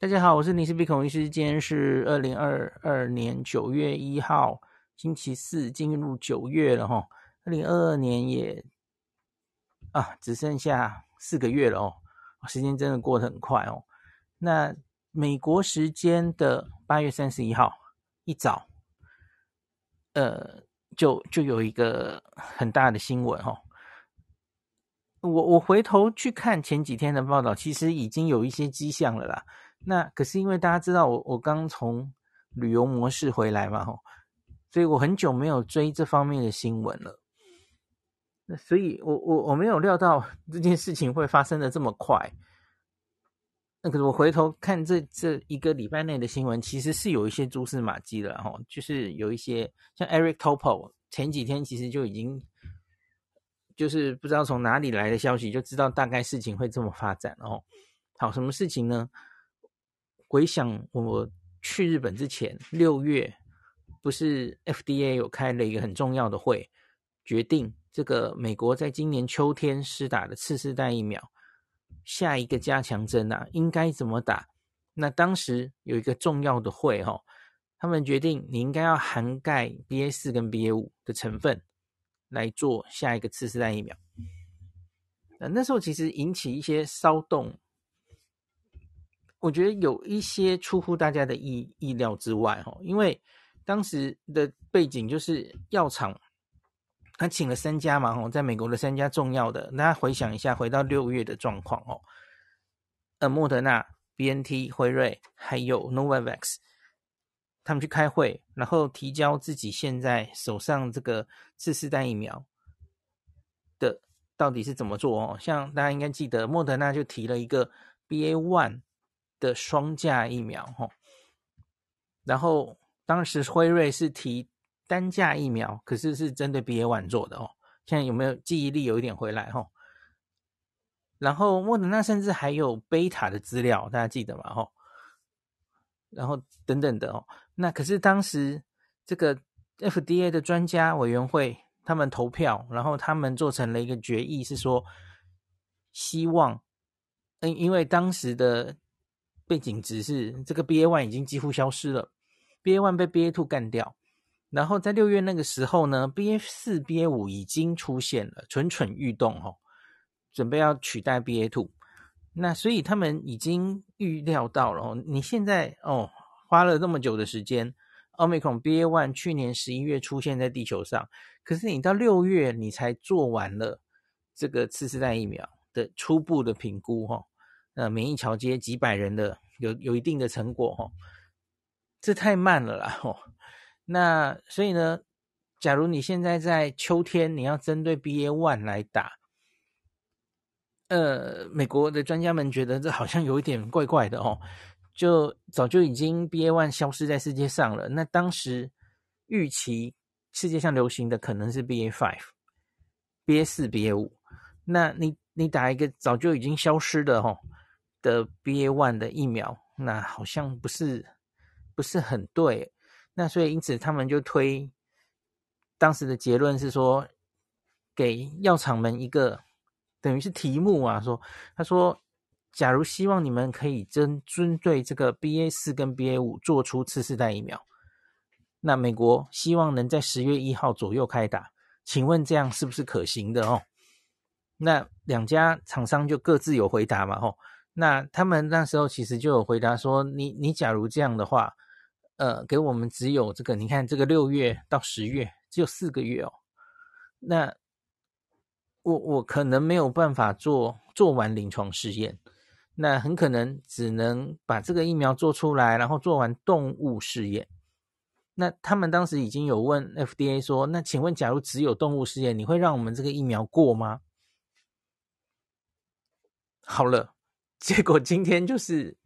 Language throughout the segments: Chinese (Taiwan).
大家好，我是林氏璧孔醫師。今天是二零二二年九月一號，星期四，進入九月了吼，二零二二年也，啊，只剩下四個月了哦，時間真的過得很快哦。那美國時間的八月三十一號一早，呃，就就有一個很大的新聞哈、哦。我我回頭去看前幾天的報道，其實已經有一些跡象了啦。那可是因為大家知道我我剛從旅遊模式回來嘛，吼，所以我很久沒有追這方面的新聞了。那所以我我我沒有料到這件事情會發生的這麼快。那可是我回頭看這這一個禮拜內的新聞，其實是有一些蛛絲馬跡的吼，就是有一些像 Eric Topol 前幾天其實就已經，就是不知道從哪裡來的消息，就知道大概事情會這麼發展哦。好，什麼事情呢？回想我去日本之前，六月不是 FDA 有開了一個很重要的會，決定這個美國在今年秋天施打的次世代疫苗下一個加強針啊，應該怎麼打？那當時有一個重要的會哈，他們決定你應該要涵蓋 BA 四跟 BA 五的成分來做下一個次世代疫苗。那那時候其實引起一些騷動。我覺得有一些出乎大家的意意料之外，哦，因為當時的背景就是藥廠他請了三家嘛，哈，在美國的三家重要的，大家回想一下，回到六月的狀況，哦，呃，莫德納、B N T、輝瑞還有 Novavax，他們去開會，然後提交自己現在手上這個次世代疫苗的到底是怎麼做？哦，像大家應該記得，莫德納就提了一個 B A one。的雙價疫苗，吼、哦，然後當時輝瑞是提單價疫苗，可是是針對 BA.1 做的哦，現在有沒有記憶力有一點回來？吼、哦，然後莫德納甚至還有貝塔的資料，大家記得嗎？吼、哦，然後等等的哦，那可是當時這個 F D A 的專家委員會他們投票，然後他們做成了一個決議，是說希望，嗯，因為當時的。背景只是這個 BA one 已經幾乎消失了，BA one 被 BA two 幹掉，然後在六月那個時候呢，BA 四 BA 五已經出現了，蠢蠢欲動哈、哦，準備要取代 BA two，那所以他們已經預料到了，你現在哦花了那麼久的時間，omicron BA one 去年十一月出現在地球上，可是你到六月你才做完了這個次世代疫苗的初步的評估哈、哦。呃，免疫橋接幾百人的有有一定的成果哦。這太慢了啦，吼、哦。那所以呢，假如你現在在秋天，你要針對 BA one 來打，呃，美國的專家們覺得這好像有一點怪怪的哦，就早就已經 BA one 消失在世界上了。那當時預期世界上流行的可能是 BA five、BA 四、BA 五，那你你打一個早就已經消失的吼，哦。的 BA one 的疫苗，那好像不是不是很對，那所以因此他們就推當時的結論是說，給藥廠們一個等於是題目啊，說他說，假如希望你們可以針針對這個 BA 四跟 BA 五做出次世代疫苗，那美國希望能在十月一號左右開打，請問這樣是不是可行的哦？那兩家廠商就各自有回答嘛吼，哦。那他們那時候其實就有回答說：“你你假如這樣的話，呃，給我們只有這個，你看這個六月到十月只有四個月哦，那我我可能沒有辦法做做完臨床試驗，那很可能只能把這個疫苗做出來，然後做完動物試驗。那他們當時已經有問 FDA 說，那請問假如只有動物試驗，你會讓我們這個疫苗過嗎？好了。”結果今天就是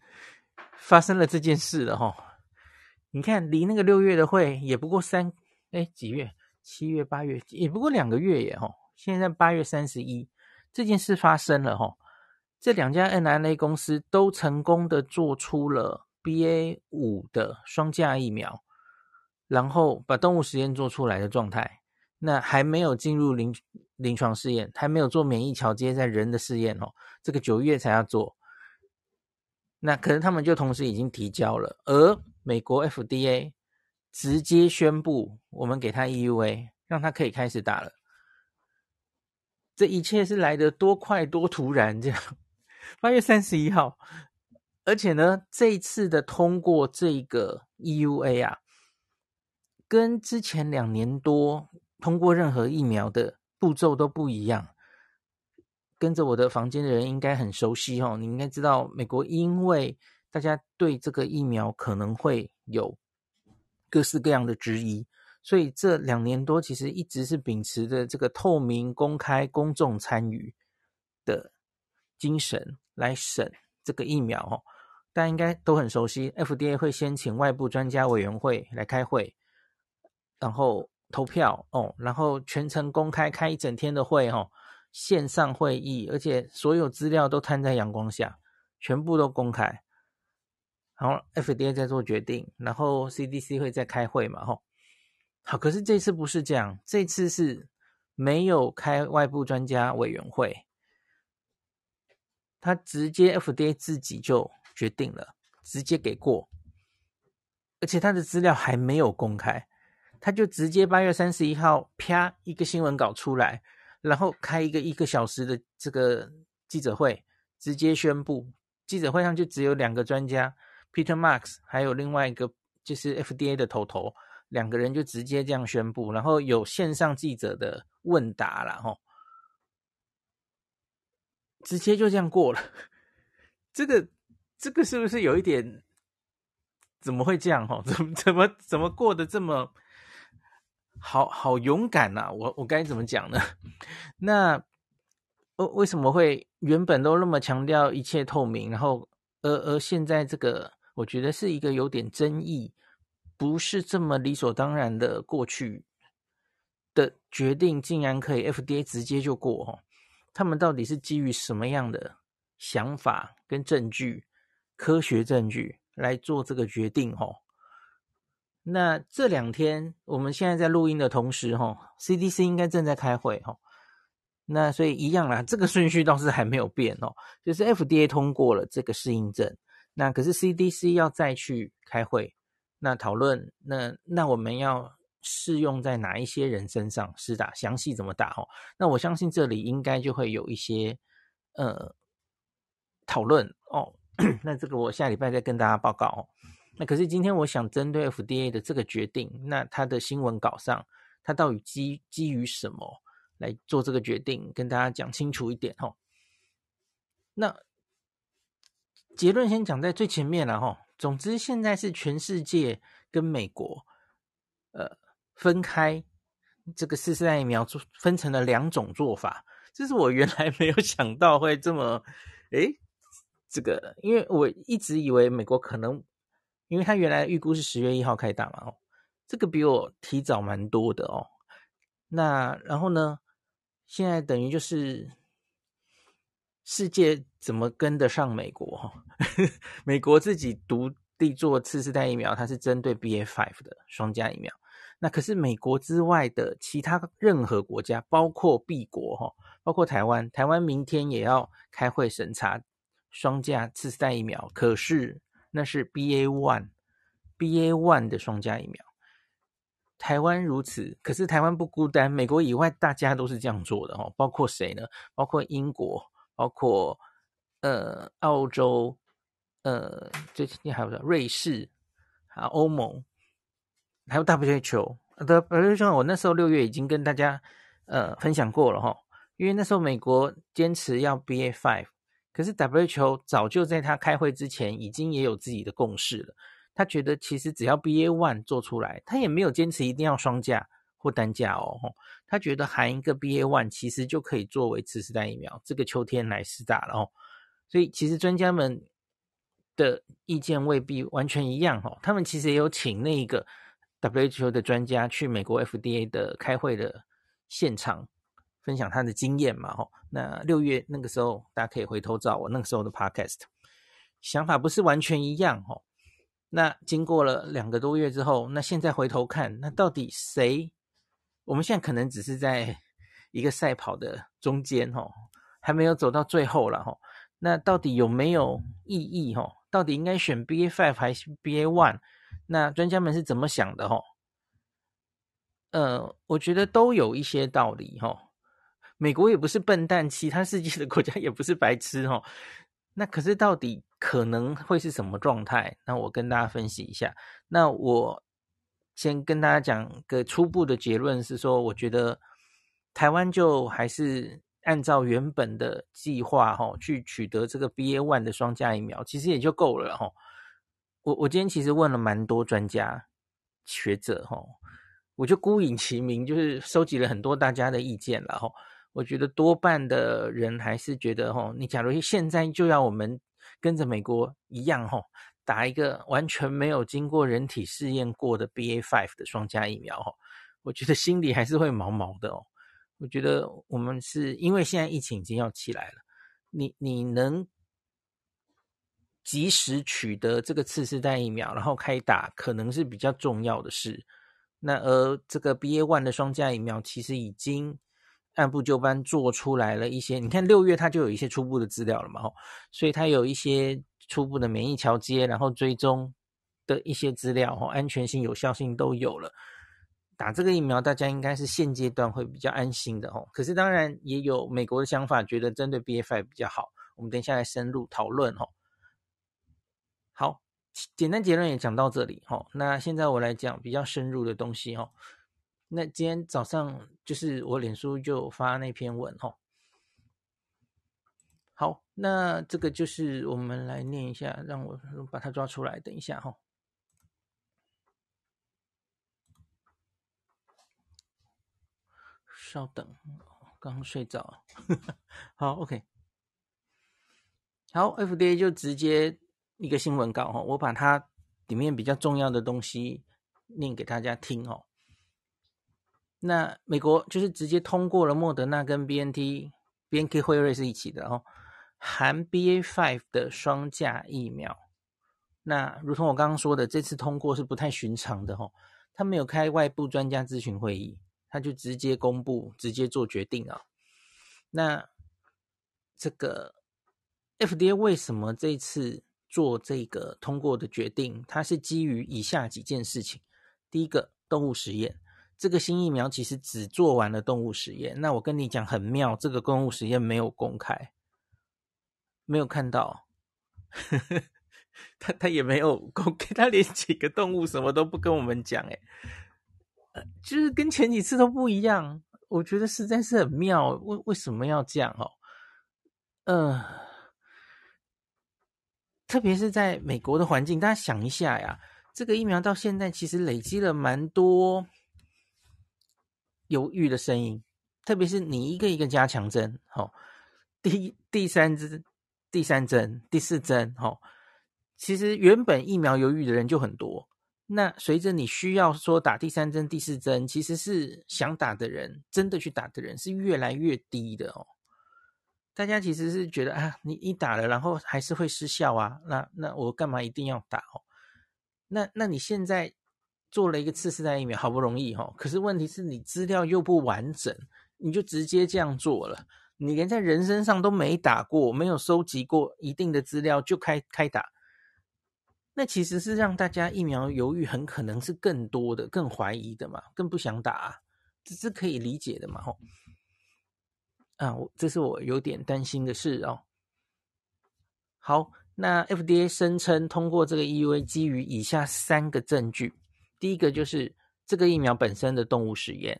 發生了這件事了齁！你看，離那個六月的會也不過三哎幾月？七月、八月也不過兩個月耶齁！現在八月三十一，這件事發生了齁！這兩家 mRNA 公司都成功的做出了 BA 五的雙價疫苗，然後把動物實驗做出來的狀態，那還沒有進入臨臨床試驗，還沒有做免疫橋接在人的試驗哦，這個九月才要做。那可能他們就同時已經提交了，而美國 FDA 直接宣布我們給他 EUA，讓他可以開始打了。這一切是來得多快多突然，這樣八月三十一號，而且呢，這一次的通過這個 EUA 啊，跟之前兩年多通過任何疫苗的步驟都不一樣。跟着我的房間的人應該很熟悉哦，你應該知道，美國因為大家對這個疫苗可能會有各式各樣的質疑，所以這兩年多其實一直是秉持着這個透明、公開、公眾參與的精神來審這個疫苗哦。大家應該都很熟悉，FDA 會先請外部專家委員會來開會，然後投票哦，然後全程公開開一整天的會哦。線上會議，而且所有資料都攤在陽光下，全部都公開。然後 FDA 在做決定，然後 CDC 會在開會嘛？吼，好，可是這次不是這樣，這次是沒有開外部專家委員會，他直接 FDA 自己就決定了，直接給過，而且他的資料還沒有公開，他就直接八月三十一號啪一個新聞稿出來。然後開一個一個小時的這個記者會，直接宣布。記者會上就只有兩個專家，Peter Marks，還有另外一個就是 FDA 的頭頭，兩個人就直接這樣宣布。然後有線上記者的問答然後、哦、直接就這樣過了。這個這個是不是有一點？怎麼會這樣哈？怎麼怎麼怎麼過得這麼？好好勇敢吶、啊！我我該怎麼講呢？那我、哦、為什麼會原本都那麼強調一切透明，然後而而現在這個，我覺得是一個有點爭議，不是這麼理所當然的過去，的決定，竟然可以 FDA 直接就過哦？他們到底是基於什麼樣的想法跟證據、科學證據來做這個決定哦？那這兩天，我們現在在錄音的同時、哦，哈，CDC 應該正在開會、哦，哈。那所以一樣啦，這個順序倒是還沒有變哦。就是 FDA 通過了這個適應症，那可是 CDC 要再去開會，那討論，那那我們要適用在哪一些人身上試，是打詳細怎麼打哈、哦？那我相信這裡應該就會有一些呃討論哦。 那這個我下禮拜再跟大家報告哦。那可是今天，我想針對 FDA 的這個決定，那他的新聞稿上，他到底基基於什麼來做這個決定，跟大家講清楚一點哦。那結論先講在最前面了哈。總之，現在是全世界跟美國，呃，分開這個次，次世代疫苗做分成了兩種做法，這是我原來沒有想到會這麼哎，這個，因為我一直以為美國可能。因為他原來預估是十月一號開打嘛，哦，這個比我提早蠻多的哦。那然後呢，現在等於就是世界怎麼跟得上美國？呵呵美國自己獨立做次世代疫苗，它是針對 BA.5 的雙價疫苗。那可是美國之外的其他任何國家，包括 B 國哈，包括台灣，台灣明天也要開會審查雙價次世代疫苗，可是。那是 B A one B A one 的雙價疫苗，台灣如此。可是台灣不孤單，美國以外大家都是這樣做的哦，包括誰呢？包括英國，包括呃澳洲，呃最近還有什麼瑞士，啊，歐盟，還有 WHO。WHO 我那時候六月已經跟大家呃分享過了哈，因為那時候美國堅持要 B A five。可是 WHO 早就在他開會之前，已經也有自己的共識了。他覺得其實只要 BA.1 做出來，他也沒有堅持一定要雙價或單價哦。他覺得含一個 BA.1 其實就可以作為次世代疫苗，這個秋天來施打了哦。所以其實專家們的意見未必完全一樣哦。他們其實也有請那一個 WHO 的專家去美國 FDA 的開會的現場，分享他的經驗嘛，吼。那六月那個時候，大家可以回頭找我那個時候的 podcast。想法不是完全一樣，吼。那經過了兩個多月之後，那現在回頭看，那到底誰？我們現在可能只是在一個賽跑的中間，吼，還沒有走到最後了，吼。那到底有沒有意義？吼，到底應該選 BA.5 還是 BA.1？那專家們是怎麼想的？吼。呃，我覺得都有一些道理，吼。美國也不是笨蛋，其他世界的國家也不是白痴哦。那可是到底可能會是什麼狀態？那我跟大家分析一下。那我先跟大家講個初步的結論是說，我覺得台灣就還是按照原本的計劃哈、哦，去取得這個 B A one 的雙價疫苗，其實也就夠了哈。我我今天其實問了蠻多專家學者哈，我就姑隱其名，就是收集了很多大家的意見然後。我覺得多半的人還是覺得，吼，你假如現在就要我們跟着美國一樣，吼，打一個完全沒有經過人體試驗過的 BA.5 的雙價疫苗，哦，我覺得心裡還是會毛毛的哦。我覺得我們是因為現在疫情已經要起來了，你你能及時取得這個次世代疫苗，然後開打，可能是比較重要的事。那而這個 BA one 的雙價疫苗，其實已經。按部就班做出來了一些，你看六月它就有一些初步的資料了嘛，吼，所以它有一些初步的免疫橋接，然後追蹤的一些資料，吼，安全性、有效性都有了。打這個疫苗，大家應該是現階段會比較安心的，吼。可是當然也有美國的想法，覺得針對 BA.5 比較好。我們等一下來深入討論，吼。好，好，簡單結論也講到這裡，吼。那現在我來講比較深入的東西，吼。那今天早上就是我臉書就發那篇文吼、哦，好，那這個就是我們來念一下，讓我把它抓出來，等一下哈、哦。稍等，剛睡着呵呵。好，OK，好，FDA 就直接一個新聞稿哈，我把它裡面比較重要的東西念給大家聽哦。那美國就是直接通過了莫德納跟 B N T，B N T 輝瑞是一起的哦，含 B A five 的雙價疫苗。那如同我剛剛說的，這次通過是不太尋常的哦，他沒有開外部專家諮詢會議，他就直接公布，直接做決定啊、哦。那這個 F D A 為什麼這次做這個通過的決定？它是基於以下幾件事情：第一個，動物實驗。這個新疫苗其實只做完了動物實驗，那我跟你講很妙，這個動物實驗沒有公開，沒有看到，呵呵，他他也沒有公開，他連幾個動物什麼都不跟我們講，哎，就是跟前幾次都不一樣，我覺得實在是很妙，為為什麼要這樣哦？嗯、呃，特別是在美國的環境，大家想一下呀，這個疫苗到現在其實累積了蠻多。猶豫的聲音，特別是你一個一個加強針，好、哦，第第三針、第三針、第四針，哦，其實原本疫苗猶豫的人就很多，那隨着你需要說打第三針、第四針，其實是想打的人，真的去打的人是越來越低的哦。大家其實是覺得啊，你你打了，然後還是會失效啊，那那我幹嘛一定要打？哦，那那你現在？做了一個次世代疫苗，好不容易哈、哦，可是問題是你資料又不完整，你就直接這樣做了，你連在人身上都沒打過，沒有收集過一定的資料就開開打，那其實是讓大家疫苗猶豫，很可能是更多的、更懷疑的嘛，更不想打、啊，這是可以理解的嘛，哦，吼，啊，我，這是我有點擔心的事哦。好，那 FDA 聲稱通過這個 EUA 基於以下三個證據。第一個就是這個疫苗本身的動物實驗，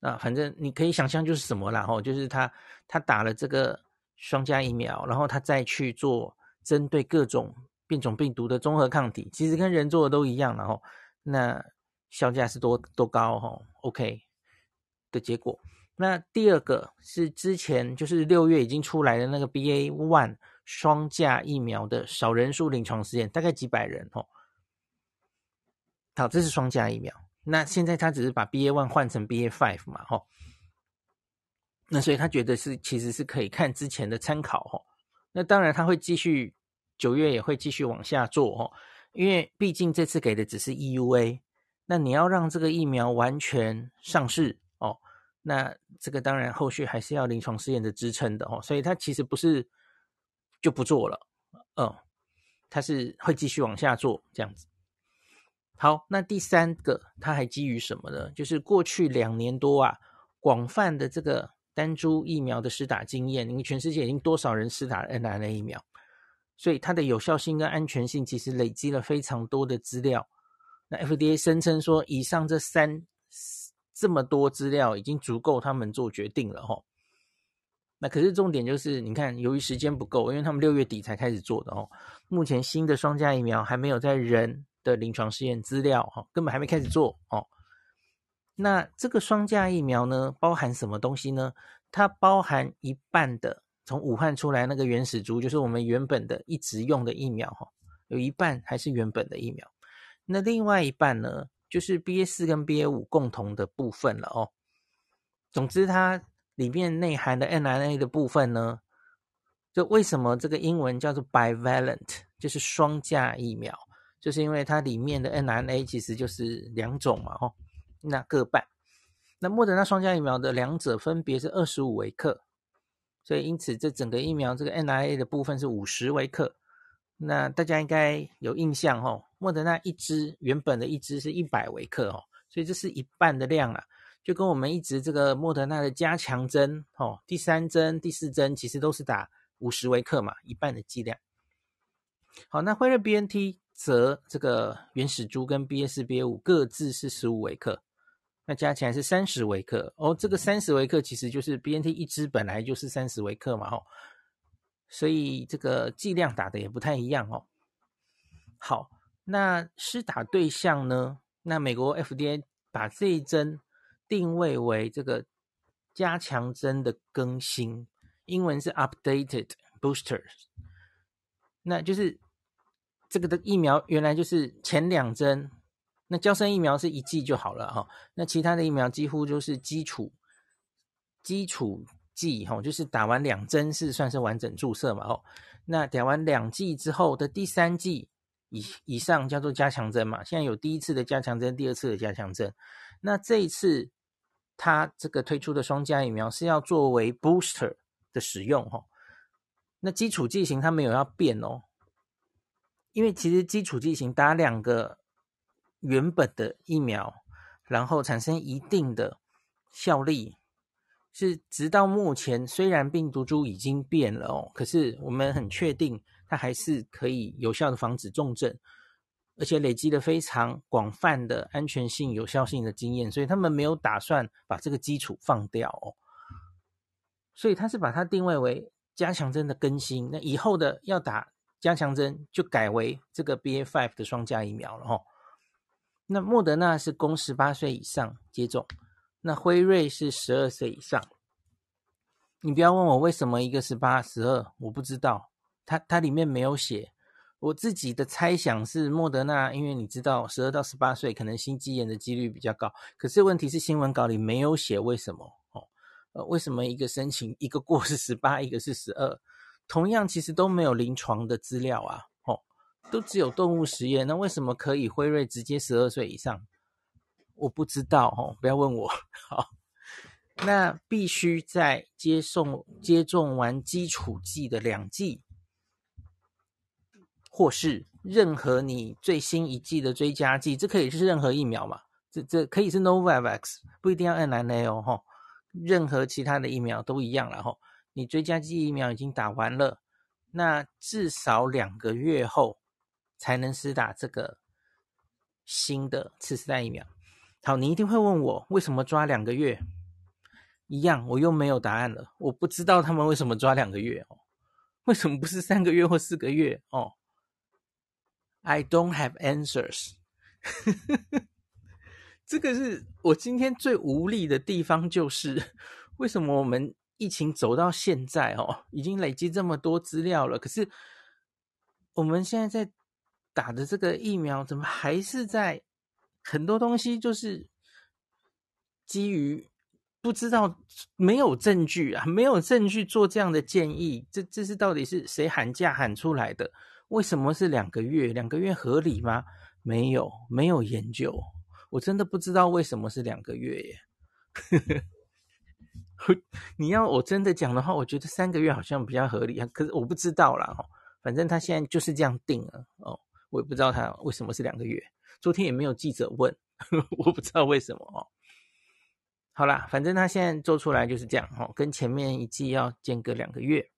啊，反正你可以想象就是什麼啦，吼，就是他他打了這個雙價疫苗，然後他再去做針對各種變種病毒的綜合抗體，其實跟人做的都一樣，然後那效價是多多高，哈，OK 的結果。那第二個是之前就是六月已經出來的那個 BA.1 雙價疫苗的少人數臨床試驗，大概幾百人，哈。好，這是雙價疫苗。那現在他只是把 BA one 換成 BA five 嘛，吼。那所以他覺得是其實是可以看之前的參考，哦，那當然他會繼續九月也會繼續往下做，哦，因為畢竟這次給的只是 EUA，那你要讓這個疫苗完全上市哦，那這個當然後續還是要臨床試驗的支撐的，哦。所以他其實不是就不做了，嗯，他是會繼續往下做這樣子。好，那第三個，它還基於什麼呢？就是過去兩年多啊，廣泛的這個單株疫苗的施打經驗，因為全世界已經多少人施打了 mRNA 疫苗，所以它的有效性跟安全性其實累積了非常多的資料。那 FDA 聲稱說，以上這三這麼多資料已經足夠他們做決定了吼、哦。那可是重點就是，你看，由於時間不夠，因為他們六月底才開始做的哦，目前新的雙價疫苗還沒有在人。的臨床試驗資料哈、哦，根本還沒開始做哦。那這個雙價疫苗呢，包含什麼東西呢？它包含一半的從武漢出來那個原始株，就是我們原本的一直用的疫苗哈、哦，有一半還是原本的疫苗。那另外一半呢，就是 BA 四跟 BA 五共同的部分了哦。總之，它裡面內含的 mRNA 的部分呢，就為什麼這個英文叫做 bivalent，就是雙價疫苗。就是因為它裡面的 mRNA 其實就是兩種嘛，哦，那各半。那莫德納雙價疫苗的兩者分別是二十五微克，所以因此這整個疫苗這個 mRNA 的部分是五十微克。那大家應該有印象哦，莫德納一支原本的一支是一百微克哦，所以這是一半的量啊，就跟我們一直這個莫德納的加強針哦，第三針、第四針其實都是打五十微克嘛，一半的劑量。好，那輝瑞 BNT。則這個原始株跟 B. S. B. A. 五各自是十五微克，那加起來是三十微克哦。這個三十微克其實就是 B. N. T. 一支本來就是三十微克嘛吼、哦，所以這個劑量打的也不太一樣哦。好，那施打對象呢？那美國 F. D. A. 把這一針定位為這個加強針的更新，英文是 updated boosters，那就是。這個的疫苗原來就是前兩針，那嬌生疫苗是一劑就好了哈、哦。那其他的疫苗幾乎就是基礎、基礎劑哈、哦，就是打完兩針是算是完整注射嘛哦。那打完兩劑之後的第三劑以以上叫做加強針嘛。現在有第一次的加強針，第二次的加強針。那這一次他這個推出的雙價疫苗是要作為 booster 的使用哈、哦。那基礎劑型它沒有要變哦。因為其實基礎劑型打兩個原本的疫苗，然後產生一定的效力，是直到目前，雖然病毒株已經變了哦，可是我們很確定它還是可以有效的防止重症，而且累積了非常廣泛的安全性、有效性的經驗，所以他們沒有打算把這個基礎放掉哦，所以它是把它定位為加強針的更新。那以後的要打，加強針就改為這個 BA.5 的雙價疫苗了哈。那莫德納是供十八歲以上接種，那輝瑞是十二歲以上。你不要問我為什麼一個十八、十二，我不知道它。它它裡面沒有寫。我自己的猜想是，莫德納因為你知道，十二到十八歲可能心肌炎的幾率比較高。可是問題是新聞稿裡沒有寫為什麼哦。呃，為什麼一個申請一個過是十八，一個是十二？同樣，其實都沒有臨床的資料啊，哦，都只有動物實驗。那為什麼可以輝瑞直接十二歲以上？我不知道，哦，不要問我。好，那必須在接送、接種完基礎劑的兩劑，或是任何你最新一劑的追加劑，這可以是任何疫苗嘛？這這可以是 Novavax，不一定要 mRNA 哦，任何其他的疫苗都一樣了，吼。你追加劑疫苗已經打完了，那至少兩個月後才能施打這個新的次世代疫苗。好，你一定會問我為什麼抓兩個月？一樣，我又沒有答案了。我不知道他們為什麼抓兩個月哦，為什麼不是三個月或四個月哦？Oh, I don't have answers。 這個是我今天最無力的地方，就是為什麼我們。疫情走到現在哦，已經累積這麼多資料了。可是我們現在在打的這個疫苗，怎麼還是在很多東西就是基於不知道，沒有證據啊，沒有證據做這樣的建議。這這是到底是誰喊價喊出來的？為什麼是兩個月？兩個月合理嗎？沒有，沒有研究，我真的不知道為什麼是兩個月耶。呵呵你要我真的講的話，我覺得三個月好像比較合理啊。可是我不知道啦，哦，反正他現在就是這樣定了哦。我也不知道他為什麼是兩個月，昨天也沒有記者問，呵呵，我不知道為什麼哦。好啦，反正他現在做出來就是這樣哦，跟前面一季要間隔兩個月。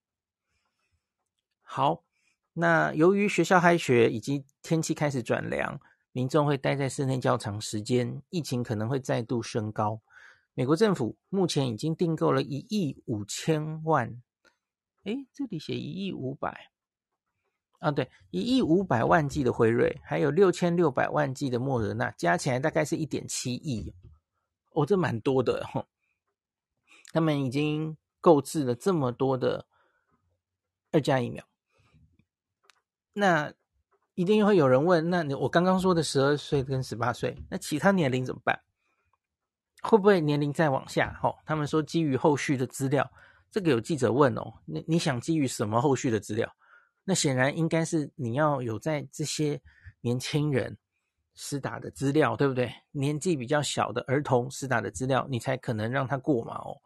好，那由於學校開學以及天氣開始轉涼，民眾會待在室內較長時間，疫情可能會再度升高。美國政府目前已經訂購了一億五千萬，誒，這裡寫一億五百，啊，對，一億五百萬劑的輝瑞，還有六千六百萬劑的莫德納，加起來大概是一點七億，哦，這蠻多的哈。他們已經購置了這麼多的二價疫苗。那一定會有人問，那你我剛剛說的十二歲跟十八歲，那其他年齡怎麼辦？會不會年齡再往下？哈、哦，他們說基於後續的資料，這個有記者問哦，你你想基於什麼後續的資料？那顯然應該是你要有在這些年輕人施打的資料，對不對？年紀比較小的兒童施打的資料，你才可能讓他過嘛，哦，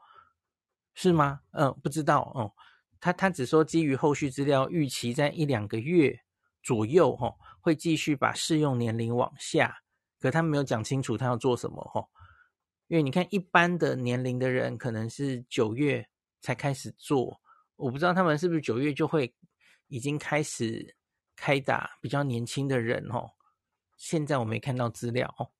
是嗎？嗯，不知道哦、嗯。他他只說基於後續資料，預期在一兩個月左右，哈、哦，會繼續把適用年齡往下。可他們沒有講清楚他要做什麼，哈、哦。因為你看，一般的年齡的人可能是九月才開始做，我不知道他們是不是九月就會已經開始開打。比較年輕的人哦，現在我沒看到資料，哦。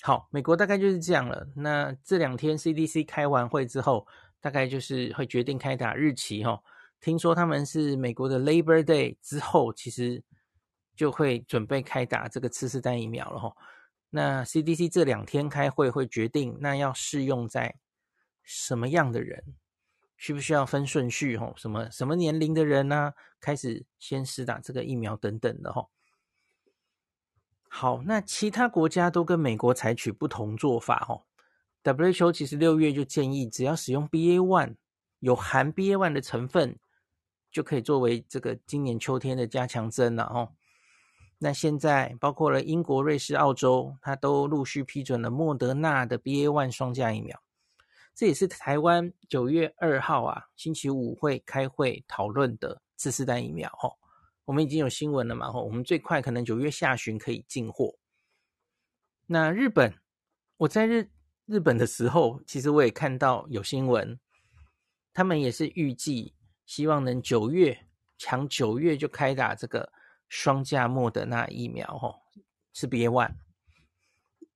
好，美國大概就是這樣了。那這兩天 CDC 開完會之後，大概就是會決定開打日期哦。聽說他們是美國的 Labor Day 之後，其實就會準備開打這個次世代疫苗了，哦。那 CDC 這兩天開會會決定，那要適用在什麼樣的人，需不需要分順序哦，什麼什麼年齡的人呢，啊？開始先施打這個疫苗等等的吼。好，那其他國家都跟美國採取不同做法哦，WHO 其實六月就建議，只要使用 BA.1 有含 BA.1 的成分，就可以作為這個今年秋天的加強針了哦。那現在包括了英國、瑞士、澳洲，它都陸續批准了莫德納的 BA.1 雙價疫苗。這也是台灣九月二號啊，星期五會開會討論的次世代疫苗。哦。我們已經有新聞了嘛？我們最快可能九月下旬可以進貨。那日本，我在日日本的時候，其實我也看到有新聞，他們也是預計希望能九月搶九月就開打這個。雙價莫德納疫苗哈、哦、是 BA.1，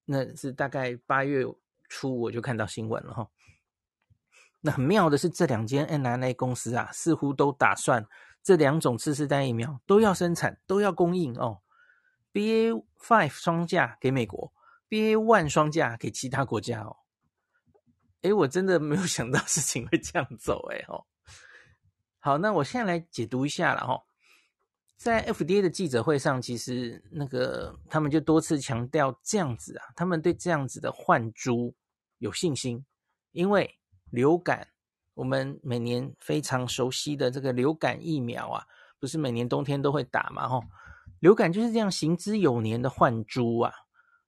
那是大概八月初我就看到新聞了哈、哦。那很妙的是這兩間 mRNA 公司啊，似乎都打算這兩種次世代疫苗都要生產，都要供應哦。BA.5 雙價給美國，BA.1 雙價給其他國家哦。誒我真的沒有想到事情會這樣走哎哦。好，那我現在來解讀一下了哈、哦。在 FDA 的記者會上，其實那個他們就多次強調，這樣子啊，他們對這樣子的換株有信心，因為流感，我們每年非常熟悉的這個流感疫苗啊，不是每年冬天都會打嘛，吼，流感就是這樣行之有年的換株啊，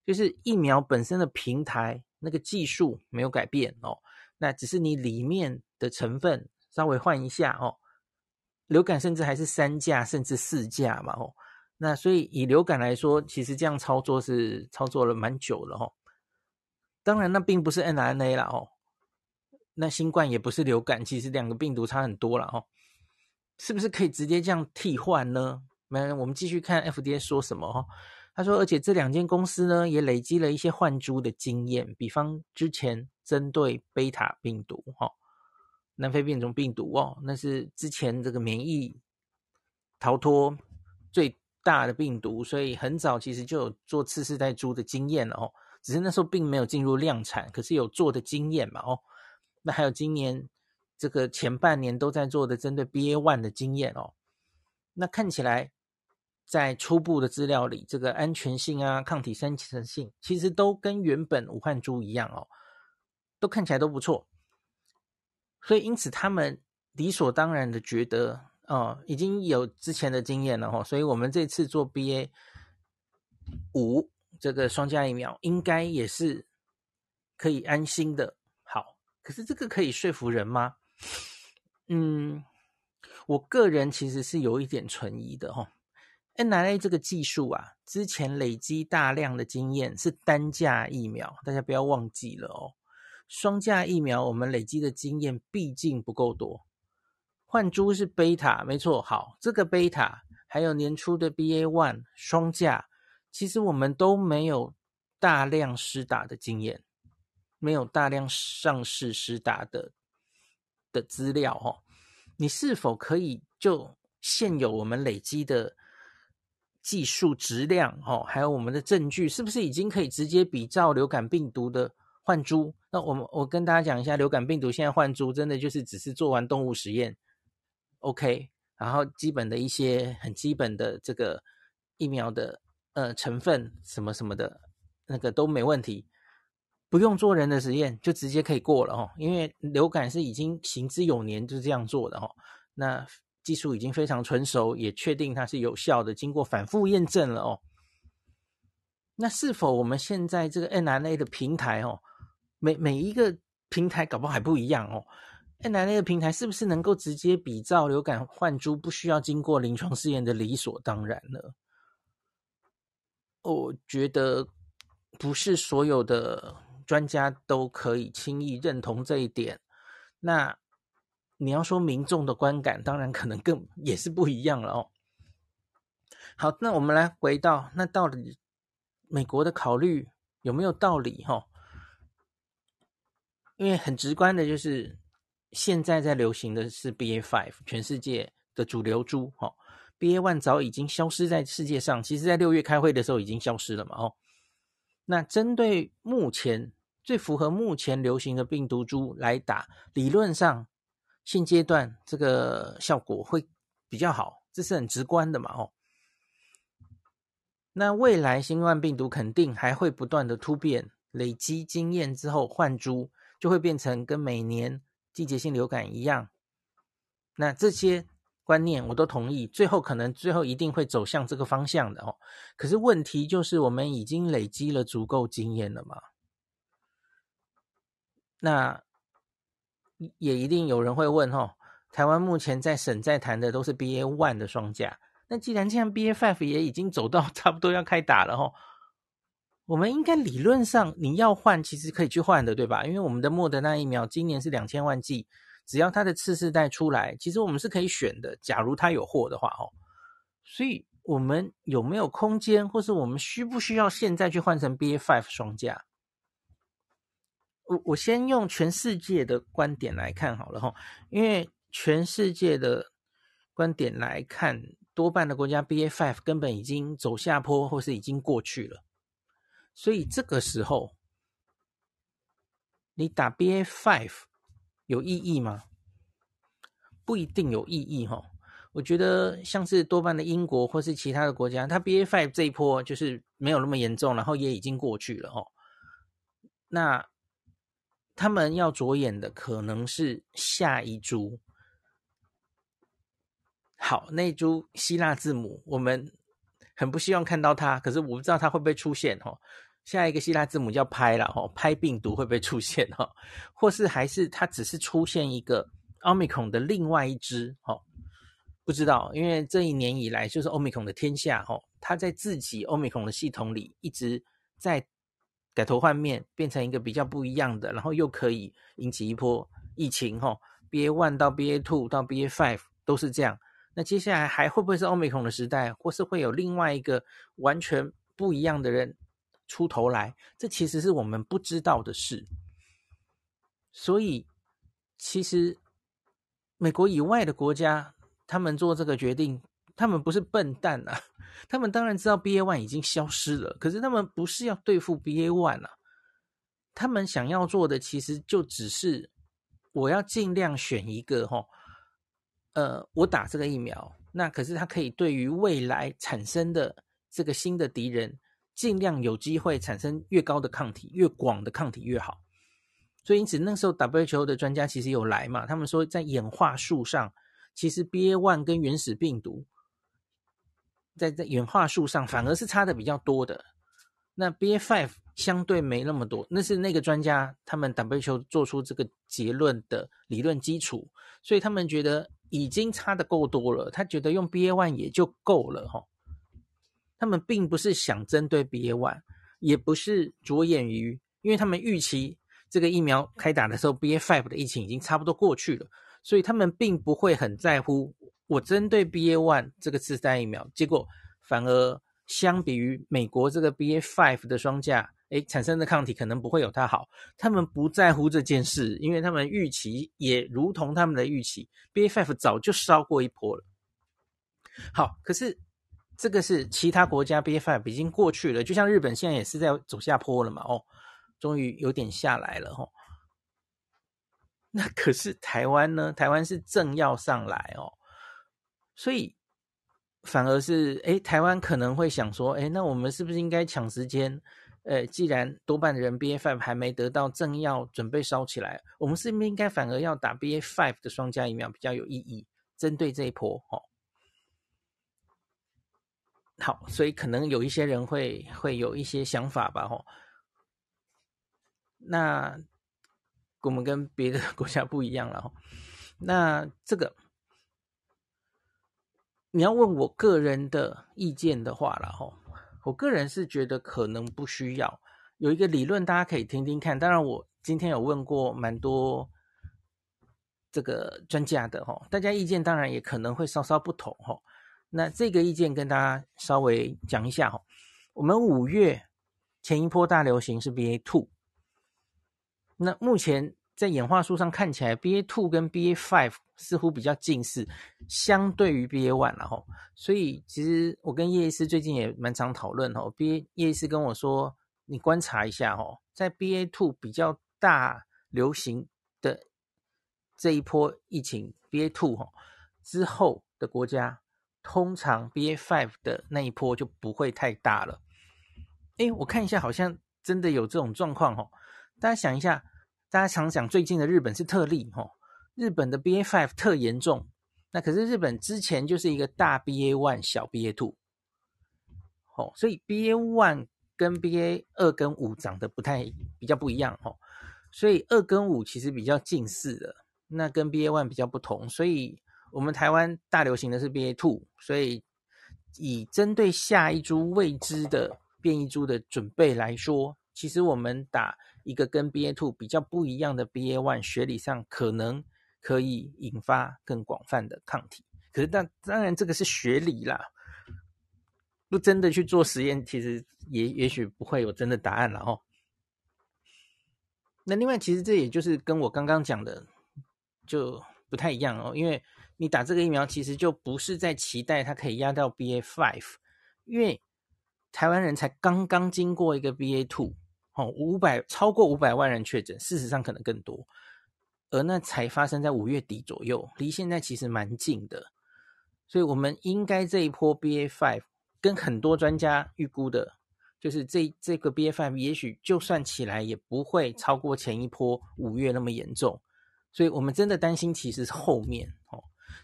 就是疫苗本身的平台那個技術沒有改變哦，那只是你裡面的成分稍微換一下哦。流感甚至還是三價甚至四價嘛吼、哦，那所以以流感來說，其實這樣操作是操作了蠻久了吼、哦。當然那並不是 mRNA 啦吼、哦，那新冠也不是流感，其實兩個病毒差很多了吼、哦，是不是可以直接這樣替換呢？那我們繼續看 FDA 說什麼吼、哦，他說而且這兩間公司呢也累積了一些換株的經驗，比方之前針對貝塔病毒哈、哦。南非變種病毒哦，那是之前這個免疫逃脫最大的病毒，所以很早其實就有做次世代株的經驗了哦。只是那時候並沒有進入量產，可是有做的經驗嘛哦。那還有今年這個前半年都在做的針對 BA.1 的經驗哦。那看起來在初步的資料裡，這個安全性啊、抗體生成性其實都跟原本武漢株一樣哦，都看起來都不錯。所以，因此他們理所當然的覺得，哦、嗯，已經有之前的經驗了哈，所以我們這次做 BA 五這個雙價疫苗，應該也是可以安心的。好，可是這個可以說服人嗎？嗯，我個人其實是有一點存疑的哈。mRNA 這個技術啊，之前累積大量的經驗是單價疫苗，大家不要忘記了哦。雙價疫苗，我們累積的經驗畢竟不夠多。換株是貝塔，沒錯。好，這個貝塔還有年初的 BA one 雙價，其實我們都沒有大量施打的經驗，沒有大量上市施打的的資料。哦，你是否可以就現有我們累積的技術質量，哈，還有我們的證據，是不是已經可以直接比照流感病毒的？換株，那我們我跟大家講一下，流感病毒現在換株真的就是只是做完動物實驗，OK，然後基本的一些很基本的這個疫苗的呃成分什麼什麼的，那個都沒問題，不用做人的實驗就直接可以過了哦，因為流感是已經行之有年就是這樣做的哦，那技術已經非常純熟，也確定它是有效的，經過反覆驗證了哦。那是否我們現在這個 mRNA 的平台哦？每每一個平台搞不好還不一樣哦。那、欸、那個平台是不是能夠直接比照流感換株，不需要經過臨床試驗的理所當然了？我覺得不是所有的專家都可以輕易認同這一點。那你要說民眾的觀感，當然可能更也是不一樣了哦。好，那我們來回到那到底美國的考慮有沒有道理、哦？哈。因為很直觀的就是，現在在流行的是 BA.5，全世界的主流株哈，BA.1 早已經消失在世界上。其實，在六月開會的時候已經消失了嘛，哦。那針對目前最符合目前流行的病毒株來打，理論上現階段這個效果會比較好，這是很直觀的嘛，哦。那未來新冠病毒肯定還會不斷的突變，累積經驗之後換株。就會變成跟每年季節性流感一樣，那這些觀念我都同意，最後可能最後一定會走向這個方向的哦。可是問題就是，我們已經累積了足夠經驗了嘛？那也一定有人會問，哦，台灣目前在審在談的都是 B A one 的雙價，那既然這樣，B A five 也已經走到差不多要開打了，哦。我們應該理論上你要換，其實可以去換的，對吧？因為我們的莫德納疫苗今年是兩千萬劑，只要它的次世代出來，其實我們是可以選的。假如它有貨的話，哦。所以我們有沒有空間，或是我們需不需要現在去換成 BA5 雙價？我我先用全世界的觀點來看好了，吼，因為全世界的觀點來看，多半的國家 BA5 根本已經走下坡，或是已經過去了。所以這個時候，你打 BA.5 有意義嗎？不一定有意義哈、哦。我覺得像是多半的英國或是其他的國家，它 BA.5 這一波就是沒有那麼嚴重，然後也已經過去了哦。那他們要着眼的可能是下一株。好，那一株希臘字母，我們很不希望看到它，可是我不知道它會不會出現哦。下一個希臘字母叫拍了吼，拍、喔、病毒會不會出現哈、喔？或是還是它只是出現一個奧密 n 的另外一隻哈、喔？不知道，因為這一年以來就是奧密 n 的天下哈、喔，它在自己奧密 n 的系統裡一直在改頭換面，變成一個比較不一樣的，然後又可以引起一波疫情哈。喔、BA one 到 BA two 到 BA five 都是這樣，那接下來還會不會是奧密 n 的時代？或是會有另外一個完全不一樣的人？出頭來，這其實是我們不知道的事。所以，其實美國以外的國家，他們做這個決定，他們不是笨蛋啊。他們當然知道 BA.1 已經消失了，可是他們不是要對付 BA.1 了。他們想要做的，其實就只是，我要盡量選一個哈、哦，呃，我打這個疫苗。那可是他可以對於未來產生的這個新的敵人。儘量有機會產生越高的抗體，越廣的抗體越好。所以因此那時候 WHO 的專家其實有來嘛，他們說在演化樹上，其實 BA.1 跟原始病毒在在演化樹上反而是差的比較多的。那 BA.5 相對沒那麼多，那是那個專家他們 WHO 做出這個結論的理論基礎。所以他們覺得已經差的夠多了，他覺得用 BA.1 也就夠了哈。他們並不是想針對 BA.1，也不是着眼於，因為他們預期這個疫苗開打的時候，BA.5 的疫情已經差不多過去了，所以他們並不會很在乎我針對 BA.1 這個次代疫苗。結果反而相比於美國這個 BA.5 的雙價，哎、欸，產生的抗體可能不會有它好。他們不在乎這件事，因為他們預期也如同他們的預期，BA.5 早就燒過一波了。好，可是。這個是其他國家 BA.5 已經過去了，就像日本現在也是在走下坡了嘛？哦，終於有點下來了哦。那可是台灣呢？台灣是正要上來哦，所以反而是哎，台灣可能會想說，哎，那我們是不是應該搶時間？哎，既然多半的人 BA.5 還沒得到，正要準備燒起來，我們是不是應該反而要打 BA.5 的雙價疫苗比較有意義？針對這一波哦。好，所以可能有一些人會會有一些想法吧，吼。那我們跟別的國家不一樣了，吼。那這個你要問我個人的意見的話了，吼，我個人是覺得可能不需要。有一個理論，大家可以聽聽看。當然，我今天有問過蠻多這個專家的，吼。大家意見當然也可能會稍稍不同，吼。那這個意見跟大家稍微講一下哦，我們五月前一波大流行是 B A two，那目前在演化樹上看起來 B A two 跟 B A five 似乎比較近似，相對於 B A one 了哈，所以其實我跟葉醫師最近也蠻常討論哈，B A 葉醫師跟我說，你觀察一下哈，在 B A two 比較大流行的這一波疫情 B A two 哈之後的國家。通常 B A five 的那一波就不會太大了。哎，我看一下，好像真的有這種狀況哦。大家想一下，大家常講最近的日本是特例哦，日本的 B A five 特嚴重。那可是日本之前就是一個大 B A one 小 B A two，哦，所以 B A one 跟 B A 二跟五長得不太，比較不一樣哦。所以二跟五其實比較近似的，那跟 B A one 比較不同，所以。我們台灣大流行的是 BA two，所以以針對下一株未知的變異株的準備來說，其實我們打一個跟 BA two 比較不一樣的 BA one，學理上可能可以引發更廣泛的抗體。可是，但當然這個是學理啦，不真的去做實驗，其實也也許不會有真的答案了哦。那另外，其實這也就是跟我剛剛講的就不太一樣哦，因為。你打這個疫苗，其實就不是在期待它可以壓到 BA five，因為台灣人才剛剛經過一個 BA two，哦，五百超過五百萬人確診，事實上可能更多，而那才發生在五月底左右，離現在其實蠻近的，所以我們應該這一波 BA five 跟很多專家預估的，就是這這個 BA five 也許就算起來也不會超過前一波五月那麼嚴重，所以我們真的擔心其實是後面。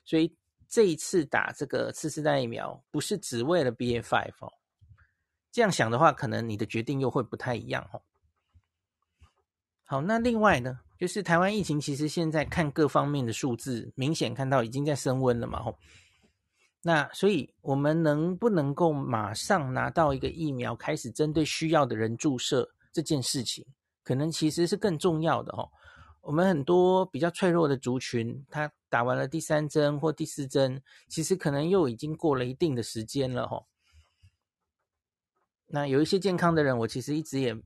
所以這一次打這個次世代疫苗，不是只為了 BA five 哦。這樣想的話，可能你的決定又會不太一樣哦。好，那另外呢，就是台灣疫情其實現在看各方面的數字，明顯看到已經在升溫了嘛吼、哦。那所以，我們能不能夠馬上拿到一個疫苗，開始針對需要的人注射這件事情，可能其實是更重要的哦。我們很多比較脆弱的族群，它。打完了第三針或第四針，其實可能又已經過了一定的時間了吼。那有一些健康的人，我其實一直也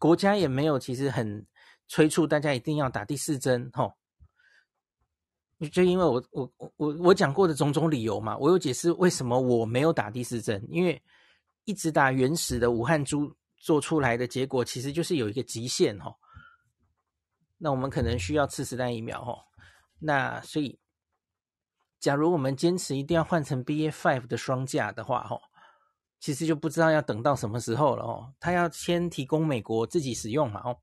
國家也沒有，其實很催促大家一定要打第四針吼。就因為我我我我講過的種種理由嘛，我有解釋為什麼我沒有打第四針，因為一直打原始的武漢株做出來的結果，其實就是有一個極限吼。那我們可能需要次世代疫苗吼。那所以，假如我們堅持一定要換成 BA5 的雙價的話，哦，其實就不知道要等到什麼時候了哦。他要先提供美國自己使用嘛，哦。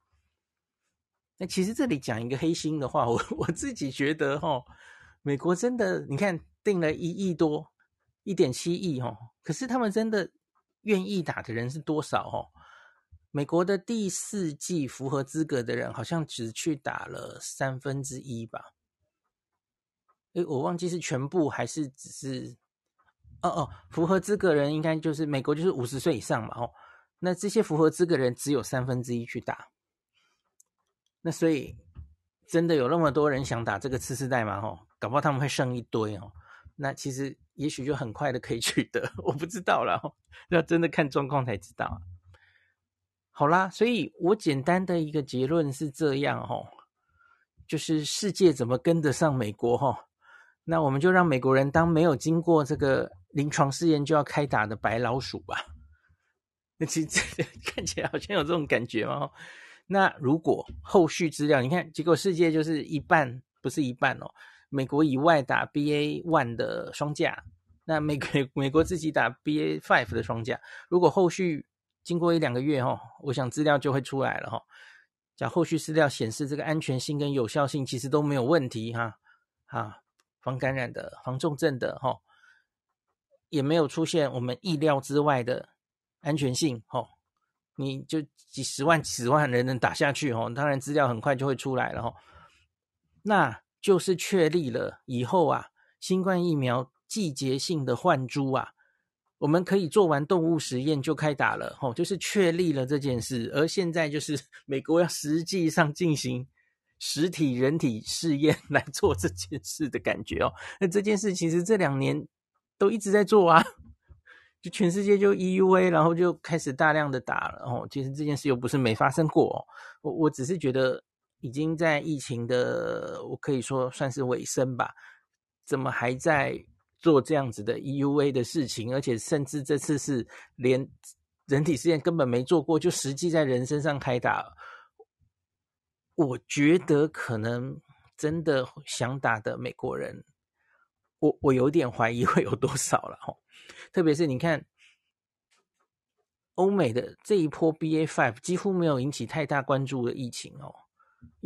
那其實這裡講一個黑心的話，我我自己覺得，哈，美國真的，你看訂了一億多，一點七億，哈，可是他們真的願意打的人是多少，哈？美國的第四劑符合資格的人好像只去打了三分之一吧。誒我忘記是全部還是只是哦哦，符合資格人應該就是美國，就是五十歲以上嘛哦。那這些符合資格人只有三分之一去打，那所以真的有那麼多人想打這個次世代嗎？哦，搞不好他們會剩一堆哦。那其實也許就很快的可以取得，我不知道啦，哦，要真的看狀況才知道。好啦，所以我簡單的一個結論是這樣哦，就是世界怎麼跟得上美國哦。那我們就讓美國人當沒有經過這個臨床試驗就要開打的白老鼠吧。那其實這看起來好像有這種感覺哦。那如果後續資料，你看，結果世界就是一半，不是一半哦。美國以外打 BA one 的雙價，那美國美國自己打 BA five 的雙價。如果後續經過一兩個月哈、哦，我想資料就會出來了哈、哦。講後續資料顯示這個安全性跟有效性其實都沒有問題哈、啊，啊。防感染的、防重症的，齁，也沒有出現我們意料之外的安全性，齁，你就幾十萬、十萬人能打下去，齁，當然資料很快就會出來了，齁，那就是確立了以後啊，新冠疫苗季節性的換株啊，我們可以做完動物實驗就開打了，齁，就是確立了這件事，而現在就是美國要實際上進行。實體人體試驗來做這件事的感覺哦，那這件事其實這兩年都一直在做啊，就全世界就 EUA，然後就開始大量的打了。哦，其實這件事又不是沒發生過，哦，我我只是覺得已經在疫情的我可以說算是尾聲吧，怎麼還在做這樣子的 EUA 的事情，而且甚至這次是連人體試驗根本沒做過，就實際在人身上開打了。我覺得可能真的想打的美國人，我我有點懷疑會有多少了哈。特別是你看歐美的這一波 BA five 幾乎沒有引起太大關注的疫情哦，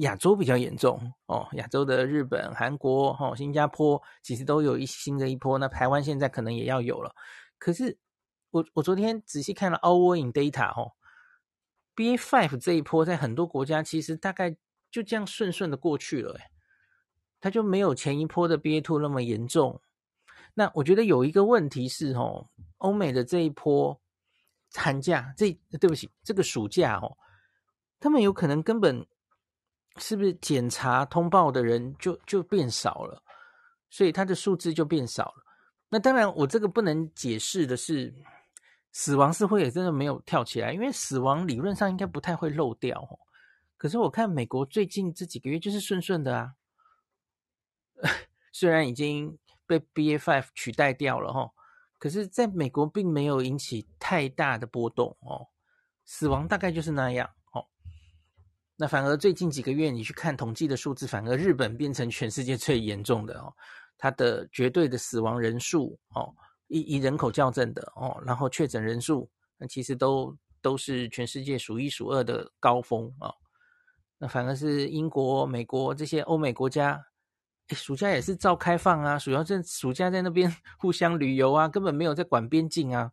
亞洲比較嚴重哦，亞洲的日本、韓國、哈、新加坡其實都有一新的一波，那台灣現在可能也要有了。可是我我昨天仔細看了 Our World in Data 哦。B A five 這一波在很多國家其實大概就這樣順順的過去了、欸，它就沒有前一波的 B A two 那麼嚴重。那我覺得有一個問題是，吼，歐美的這一波寒假，這對不起，這個暑假哦，他們有可能根本是不是檢查通報的人就就變少了，所以他的數字就變少了。那當然，我這個不能解釋的是。死亡似乎也真的沒有跳起來，因為死亡理論上應該不太會漏掉。可是我看美國最近這幾個月就是順順的啊， 雖然已經被 BA.5 取代掉了哈，可是在美國並沒有引起太大的波動哦。死亡大概就是那樣哦。那反而最近幾個月你去看統計的數字，反而日本變成全世界最嚴重的哦，它的絕對的死亡人數哦。以以人口校正的哦，然後確診人數那其實都都是全世界數一數二的高峰啊，哦，那反而是英國、美國這些歐美國家、哎，暑假也是照開放啊，主要是暑假在那邊互相旅遊啊，根本沒有在管邊境啊，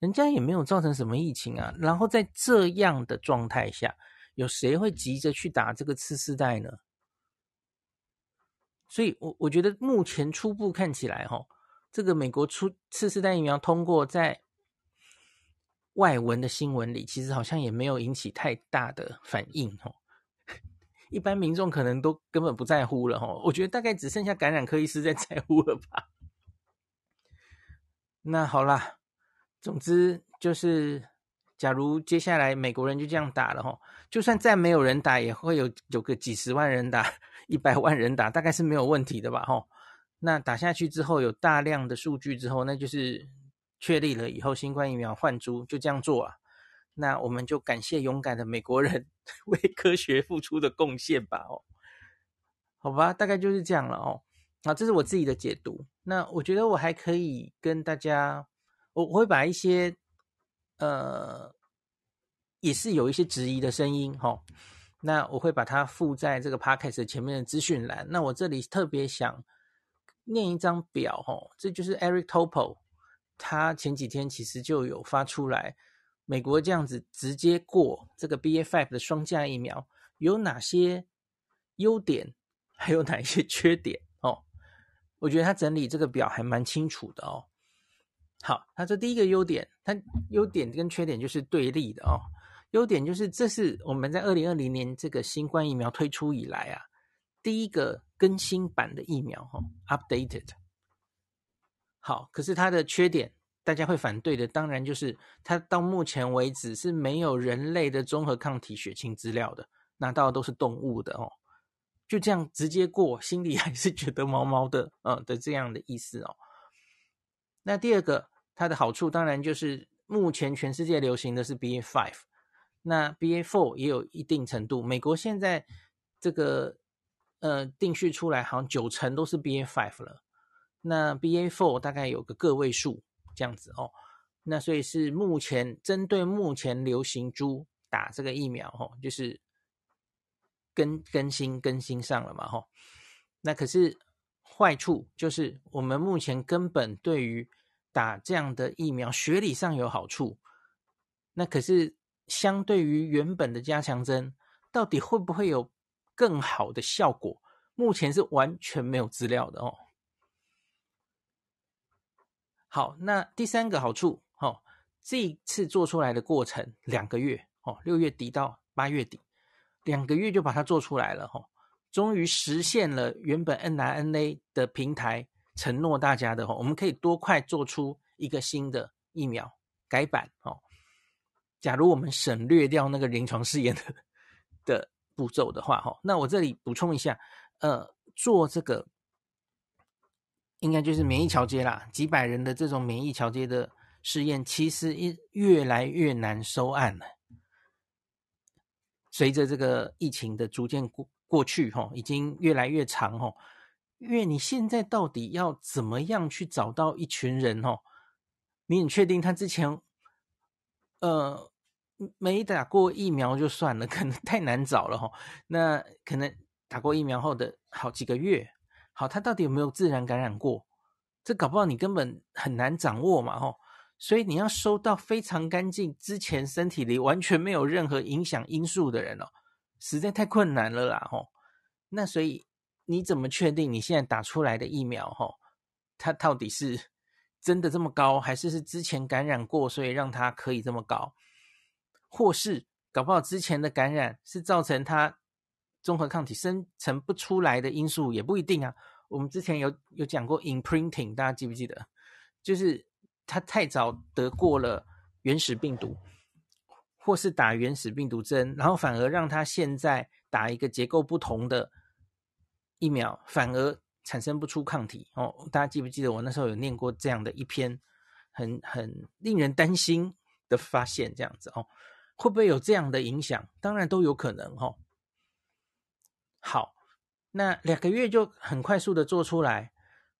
人家也沒有造成什麼疫情啊，然後在這樣的狀態下，有誰會急着去打這個次世代呢？所以我我覺得目前初步看起來哈。哦這個美國出次世代疫苗通過，在外文的新聞裡，其實好像也沒有引起太大的反應哦。一般民眾可能都根本不在乎了。我覺得大概只剩下感染科醫師在在乎了吧。那好啦，總之就是，假如接下來美國人就這樣打了哈，就算再沒有人打，也會有有個幾十萬人打，一百萬人打，大概是沒有問題的吧哈。那打下去之後，有大量的數據之後，那就是確立了以後，新冠疫苗換株就這樣做啊。那我們就感謝勇敢的美國人為科學付出的貢獻吧。哦，好吧，大概就是這樣了哦。好，這是我自己的解讀。那我覺得我還可以跟大家，我我會把一些呃，也是有一些質疑的聲音哈、哦。那我會把它附在這個 podcast 前面的資訊欄。那我這裡特別想。念一張表哦，這就是 Eric Topol，他前幾天其實就有發出來，美國這樣子直接過這個 BA.5 的雙價疫苗有哪些優點，還有哪一些缺點哦？我覺得他整理這個表還蠻清楚的哦。好，他這第一個優點，他優點跟缺點就是對立的哦。優點就是這是我們在二零二零年這個新冠疫苗推出以來啊，第一個。更新版的疫苗哈哦，updated。好，可是它的缺點，大家會反對的，當然就是它到目前為止是沒有人類的綜合抗體血清資料的，拿到的都是動物的哦，就這樣直接過，心裡還是覺得毛毛的，嗯的這樣的意思哦。那第二個它的好處，當然就是目前全世界流行的是 BA five，那 BA four 也有一定程度，美國現在這個。呃，定序出來好像九成都是 BA five 了，那 BA four 大概有個個位數這樣子哦。那所以是目前針對目前流行株打這個疫苗，哦，就是更更新更新上了嘛、哦，吼。那可是壞處就是我們目前根本對於打這樣的疫苗，學理上有好處，那可是相對於原本的加強針，到底會不會有？更好的效果，目前是完全沒有資料的哦。好，那第三個好處，哦，這一次做出來的過程兩個月，哦，六月底到八月底，兩個月就把它做出來了，哈、哦，終於實現了原本 mRNA 的平台承諾大家的，哈、哦，我們可以多快做出一個新的疫苗改版，哦，假如我們省略掉那個臨床試驗的的。步驟的話，哈，那我這裡補充一下，呃，做這個應該就是免疫橋接啦，幾百人的這種免疫橋接的試驗，其實一越來越難收案了。隨着這個疫情的逐漸過過去，哈，已經越來越長，哈，因為你現在到底要怎麼樣去找到一群人，哈，你很確定他之前，呃。沒打過疫苗就算了，可能太難找了吼。那可能打過疫苗後的好幾個月，好，他到底有沒有自然感染過？這搞不好，你根本很難掌握嘛吼。所以你要收到非常乾淨，之前身體裡完全沒有任何影響因素的人哦，實在太困難了啦吼。那所以你怎麼確定你現在打出來的疫苗吼，它到底是真的這麼高，還是是之前感染過，所以讓它可以這麼高？或是搞不好之前的感染是造成它中和抗體生成不出來的因素，也不一定啊。我們之前有有講過 imprinting，大家記不記得？就是他太早得過了原始病毒，或是打原始病毒針，然後反而讓他現在打一個結構不同的疫苗，反而產生不出抗體哦。大家記不記得我那時候有念過這樣的一篇很很令人擔心的發現，這樣子哦。會不會有這樣的影響？當然都有可能哈、哦。好，那兩個月就很快速的做出來。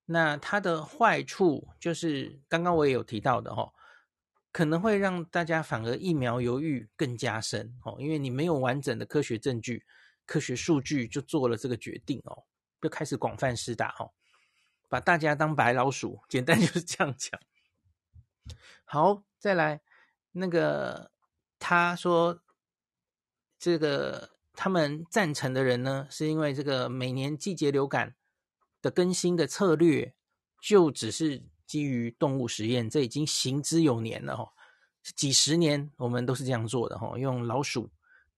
那它的壞處就是剛剛我也有提到的哈、哦，可能會讓大家反而疫苗猶豫更加深、哦、因為你沒有完整的科學證據、科學數據就做了這個決定哦，就開始廣泛施打哈、哦，把大家當白老鼠，簡單就是這樣講。好，再來那個。他說：“這個他們贊成的人呢，是因為這個每年季節流感的更新的策略，就只是基於動物實驗，這已經行之有年了哈、哦，幾十年我們都是這樣做的哈、哦，用老鼠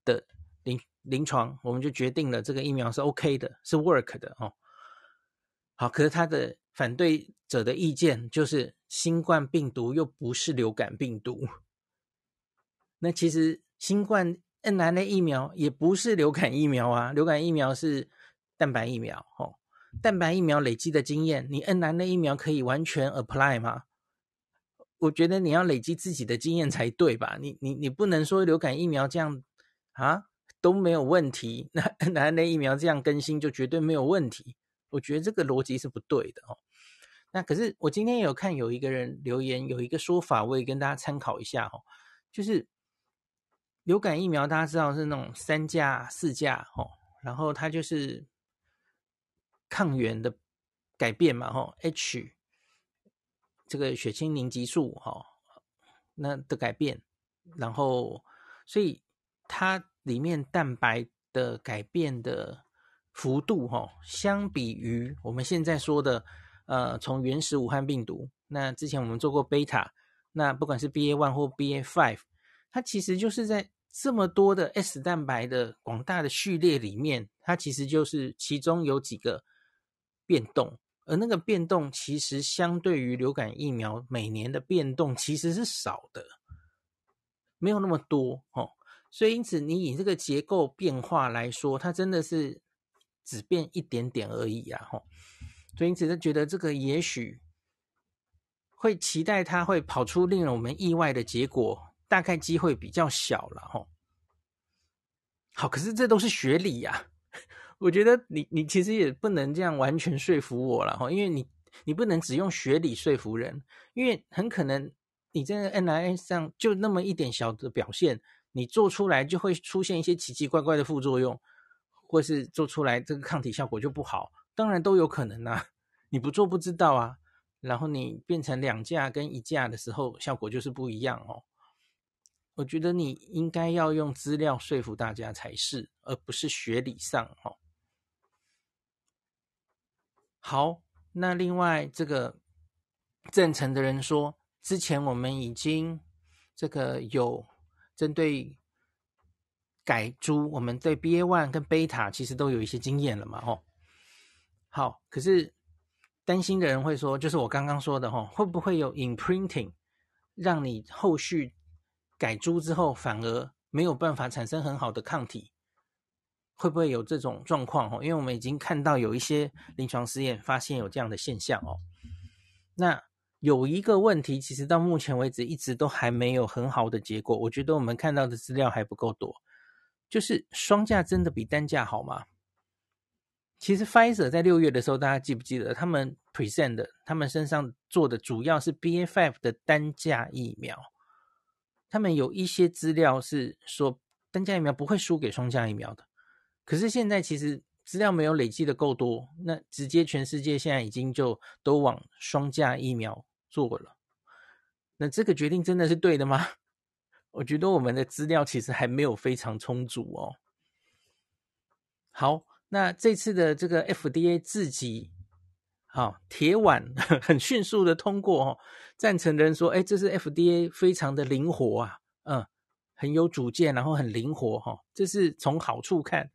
的臨臨床，我們就決定了這個疫苗是 OK 的，是 work 的哦。好，可是他的反對者的意見就是，新冠病毒又不是流感病毒。”那其實新冠 mRNA 疫苗也不是流感疫苗啊，流感疫苗是蛋白疫苗哦。蛋白疫苗累積的經驗，你 mRNA 的疫苗可以完全 apply 嗎？我覺得你要累積自己的經驗才對吧？你你你不能說流感疫苗這樣啊都沒有問題，那 mRNA 疫苗這樣更新就絕對沒有問題？我覺得這個邏輯是不對的哦。那可是我今天有看有一個人留言，有一個說法，我也跟大家參考一下哈、哦，就是。流感疫苗大家知道是那種三價、四價，吼、哦，然後它就是抗原的改變嘛，吼、哦，H 這個血清凝集素，吼、哦，那的改變，然後所以它裡面蛋白的改變的幅度，吼、哦，相比於我們現在說的，呃，從原始武漢病毒，那之前我們做過貝塔，那不管是 BA one 或 BA five，它其實就是在這麼多的 S 蛋白的廣大的序列裡面，它其實就是其中有幾個變動，而那個變動其實相對於流感疫苗每年的變動其實是少的，沒有那麼多哦。所以因此，你以這個結構變化來說，它真的是只變一點點而已啊！所以因此，就覺得這個也許會期待它會跑出令我們意外的結果。大概機會比較小了哈。好，可是這都是學理呀，啊，我覺得你你其實也不能這樣完全說服我了哈，因為你你不能只用學理說服人，因為很可能你在 mRNA 上就那麼一點小的表現，你做出來就會出現一些奇奇怪怪的副作用，或是做出來這個抗體效果就不好，當然都有可能啊，你不做不知道啊。然後你變成兩價跟一價的時候，效果就是不一樣哦，喔。我覺得你應該要用資料說服大家才是，而不是學理上哦。好，那另外這個正常的人說，之前我們已經這個有針對改株，我們對 B A One 跟貝塔其實都有一些經驗了嘛，哦。好，可是擔心的人會說，就是我剛剛說的哈，會不會有 imprinting 讓你後續？改株之後，反而沒有辦法產生很好的抗體，會不會有這種狀況？哦，因為我們已經看到有一些臨床試驗發現有這樣的現象哦。那有一個問題，其實到目前為止一直都還沒有很好的結果。我覺得我們看到的資料還不夠多，就是雙價真的比單價好嗎？其實，Pfizer 在六月的時候，大家記不記得他們 present 的，他們身上做的主要是 BA.5 的單價疫苗。他們有一些資料是說，單價疫苗不會輸給雙價疫苗的，可是現在其實資料沒有累積的夠多，那直接全世界現在已經就都往雙價疫苗做了，那這個決定真的是對的嗎？我覺得我們的資料其實還沒有非常充足哦。好，那這次的這個 FDA 自己。好，鐵腕，很迅速的通過哦，贊成的人說，哎，這是 FDA 非常的靈活啊，嗯，很有主見，然後很靈活哈，這是從好處看，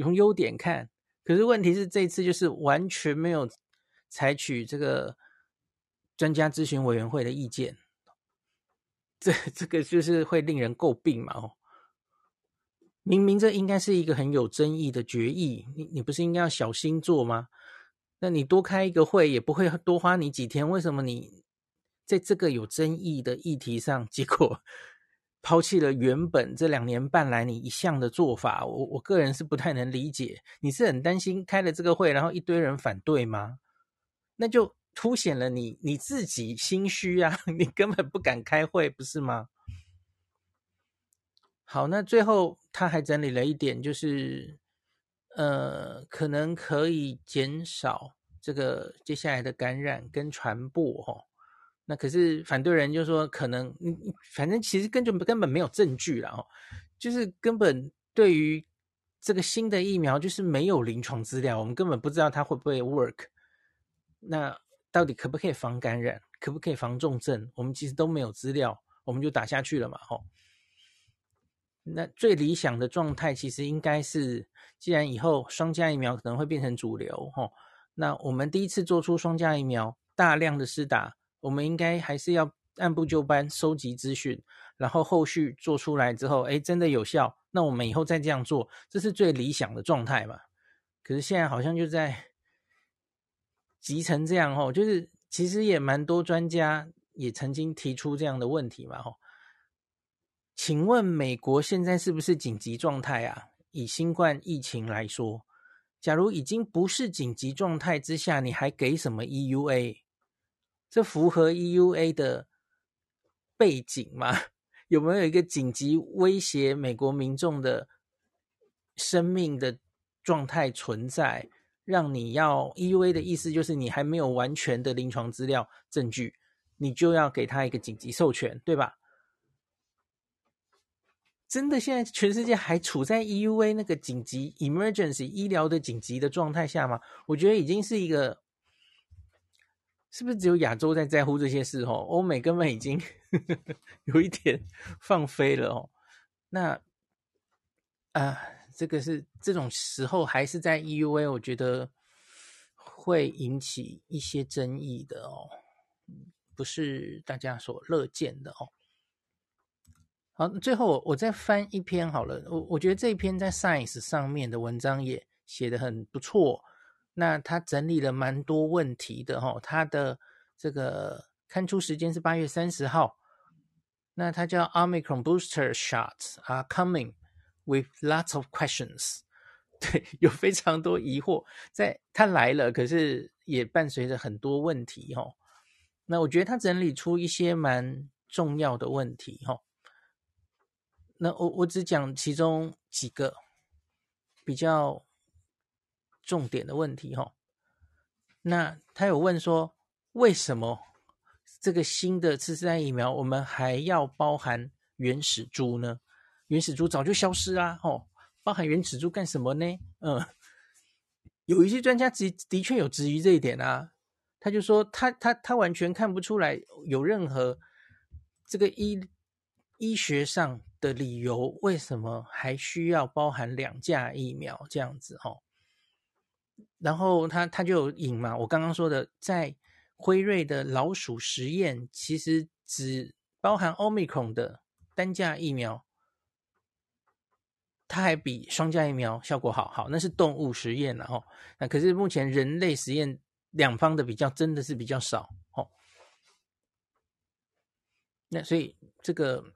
從優點看。可是問題是，這次就是完全沒有採取這個專家諮詢委員會的意見，這這個就是會令人詬病嘛哦，明明這應該是一個很有爭議的決議，你你不是應該要小心做嗎？那你多開一個會也不會多花你幾天，為什麼你在這個有爭議的議題上，結果拋棄了原本這兩年半來你一向的做法？我我個人是不太能理解。你是很擔心開了這個會，然後一堆人反對嗎？那就凸顯了你你自己心虛啊，你根本不敢開會，不是嗎？好，那最後他還整理了一點，就是。呃，可能可以減少這個接下來的感染跟傳播哈、哦。那可是反對人就是說，可能反正其實根本根本沒有證據啦，哦，就是根本對於這個新的疫苗就是沒有臨床資料，我們根本不知道它會不會 work。那到底可不可以防感染，可不可以防重症，我們其實都沒有資料，我們就打下去了嘛，吼。那最理想的狀態其實應該是，既然以後雙價疫苗可能會變成主流，吼，那我們第一次做出雙價疫苗，大量的施打，我們應該還是要按部就班收集資訊，然後後續做出來之後，誒,真的有效,那我們以後再這樣做,這是最理想的狀態嘛？可是現在好像就在急成這樣，吼,就是其實也蠻多專家也曾經提出這樣的問題嘛，吼。請問美國現在是不是緊急狀態啊？以新冠疫情來說，假如已經不是緊急狀態之下，你還給什麼 EUA？這符合 EUA 的背景嗎？有沒有一個緊急威脅美國民眾的生命的狀態存在，讓你要 EUA 的意思就是你還沒有完全的臨床資料證據，你就要給他一個緊急授權，對吧？真的，現在全世界還處在 EUA 那個緊急 emergency 醫療的緊急的狀態下嗎？我覺得已經是一個，是不是只有亞洲在在乎這些事？哦，歐美根本已經有一點放飛了哦。那啊、呃，這個是這種時候還是在 EUA，我覺得會引起一些爭議的哦，不是大家所樂見的哦。好，最後我再翻一篇好了。我我覺得這一篇在 Science 上面的文章也寫得很不錯。那他整理了蠻多問題的哈。他的這個刊出時間是八月三十號。那他叫 Omicron booster shots are coming with lots of questions。對，有非常多疑惑，在他來了，可是也伴隨着很多問題哈。那我覺得他整理出一些蠻重要的問題哈。那我我只講其中幾個比較重點的問題哈、哦。那他有問說，為什麼這個新的次世代疫苗我們還要包含原始株呢？原始株早就消失啊，哈，包含原始株幹什麼呢？嗯，有一些專家其的，的確有質疑這一點啊，他就說他他他完全看不出來有任何這個醫醫學上。的理由為什麼還需要包含兩價疫苗這樣子哦？然後他他就引嘛，我剛剛說的，在輝瑞的老鼠實驗，其實只包含奧密 o n 的單價疫苗，它還比雙價疫苗效果好。好，那是動物實驗了哦。那可是目前人類實驗兩方的比較，真的是比較少哦。那所以這個。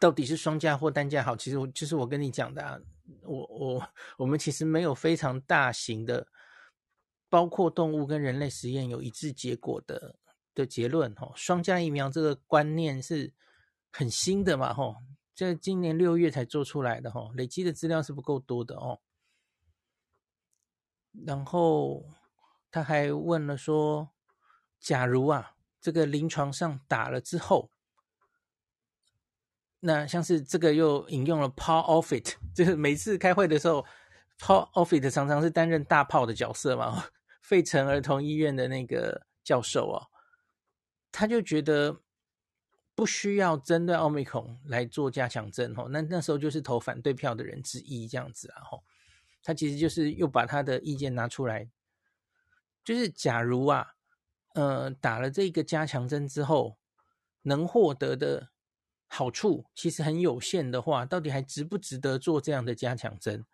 到底是雙價或單價好？其實我就是我跟你講的啊，我我我們其實沒有非常大型的，包括動物跟人類實驗有一致結果的的結論哦。雙價疫苗這個觀念是很新的嘛，齁，在今年六月才做出來的齁，累積的資料是不夠多的哦。然後他還問了說，假如啊，這個臨床上打了之後。那像是這個又引用了 Paul Offit，就是每次開會的時候，Paul Offit 常常是擔任大炮的角色嘛，費城兒童醫院的那個教授哦，他就覺得不需要針對奧密克戎來做加強針哦，那那時候就是投反對票的人之一這樣子啊，吼，他其實就是又把他的意見拿出來，就是假如啊，呃，打了這個加強針之後，能獲得的好處其實很有限的話，到底還值不值得做這樣的加強針？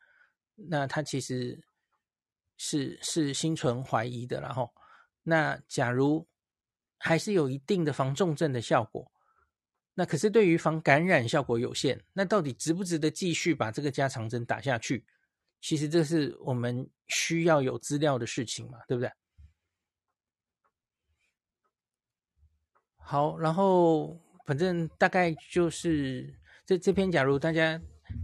那他其實是是心存懷疑的，然後，那假如還是有一定的防重症的效果，那可是對於防感染效果有限，那到底值不值得繼續把這個加強針打下去？其實這是我們需要有資料的事情嘛，對不對？好，然後。反正大概就是這這篇，假如大家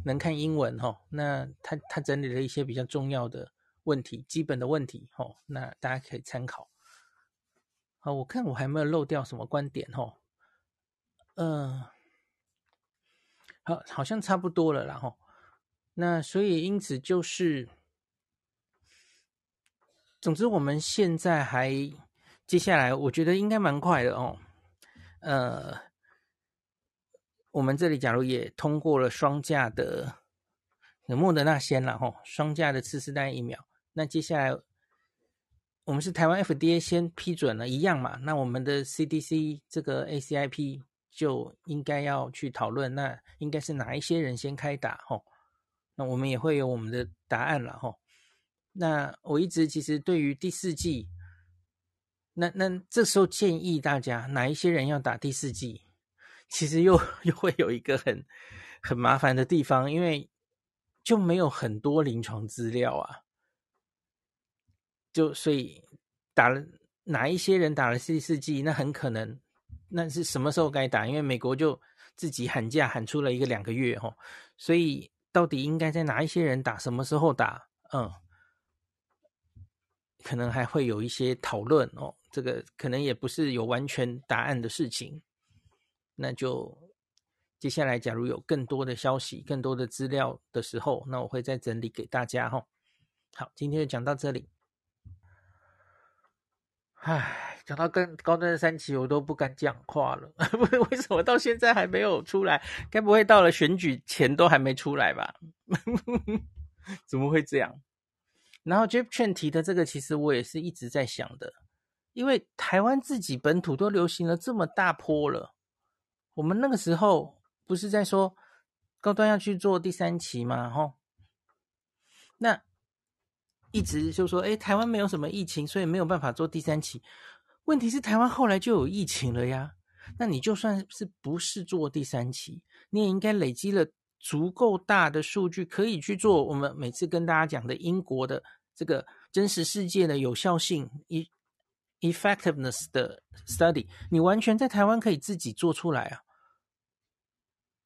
能看英文哈、哦，那他他整理了一些比較重要的問題，基本的問題哦。那大家可以參考。好，我看我還沒有漏掉什麼觀點哦。嗯、呃，好，好像差不多了啦、哦，然後那所以因此就是，總之我們現在還，接下來，我覺得應該蠻快的哦，呃。我們這裡假如也通過了雙價的莫德納先了哈，雙價的次世代疫苗，那接下來我們是台灣 FDA 先批准了，一樣嘛，那我們的 CDC 這個 ACIP 就應該要去討論，那應該是哪一些人先開打哈，那我們也會有我們的答案了哈。那我一直其實對於第四劑，那那這時候建議大家哪一些人要打第四劑。其實又又會有一個很很麻煩的地方，因為就沒有很多臨床資料啊，就所以打了哪一些人打了第四劑，四那很可能那是什麼時候該打？因為美國就自己喊價喊出了一個兩個月吼、哦、所以到底應該在哪一些人打，什麼時候打？嗯，可能還會有一些討論哦，這個可能也不是有完全答案的事情。那就接下來，假如有更多的消息、更多的資料的時候，那我會再整理給大家哦。好，今天就講到這裡。唉，講到更高端的三期，我都不敢講話了。為 為什麼到現在還沒有出來？該不會到了選舉前都還沒出來吧？ 怎麼會這樣？然後 Jipchen 提的這個，其實我也是一直在想的，因為台灣自己本土都流行了這麼大波了。我們那個時候不是在說高端要去做第三期嗎？吼，那一直就說，哎，台灣沒有什麼疫情，所以沒有辦法做第三期。問題是台灣後來就有疫情了呀。那你就算是不是做第三期，你也應該累積了足夠大的數據，可以去做我們每次跟大家講的英國的這個真實世界的有效性一。effectiveness 的 study，你完全在台灣可以自己做出來啊。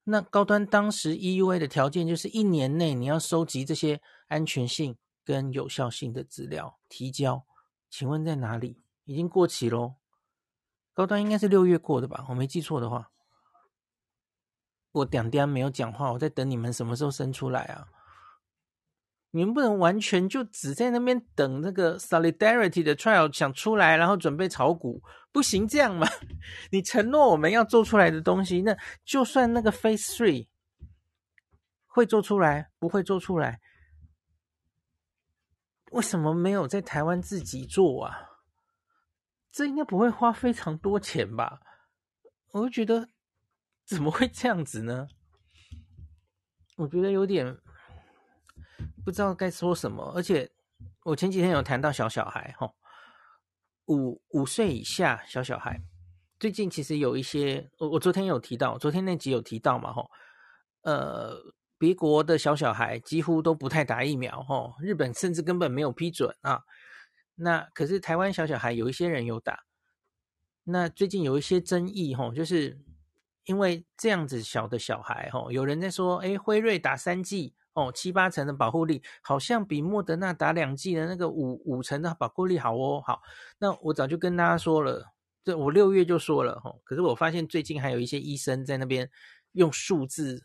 那高端當時 EUA 的條件就是一年內你要收集這些安全性跟有效性的資料提交，請問在哪裡？已經過期嘍。高端應該是六月過的吧？我沒記錯的話，我點點沒有講話，我在等你們什麼時候生出來啊？你們不能完全就只在那邊等那個 solidarity 的 trial 想出來，然後準備炒股，不行這樣吧？你承諾我們要做出來的東西，那就算那個 phase three 會做出來，不會做出來，為什麼沒有在台灣自己做啊？這應該不會花非常多錢吧？我就覺得怎麼會這樣子呢？我覺得有點。不知道該說什麼，而且我前幾天有談到小小孩吼，五五歲以下小小孩，最近其實有一些，我我昨天有提到，昨天那集有提到嘛吼，呃，別國的小小孩幾乎都不太打疫苗吼，日本甚至根本沒有批准啊，那可是台灣小小孩有一些人有打，那最近有一些爭議吼，就是因為這樣子小的小孩吼，有人在說，欸，輝瑞打三劑。哦，七八成的保護力好像比莫德納打兩劑的那個五五成的保護力好哦。好，那我早就跟大家說了，這我六月就說了。吼，哦，可是我發現最近還有一些醫生在那邊用數字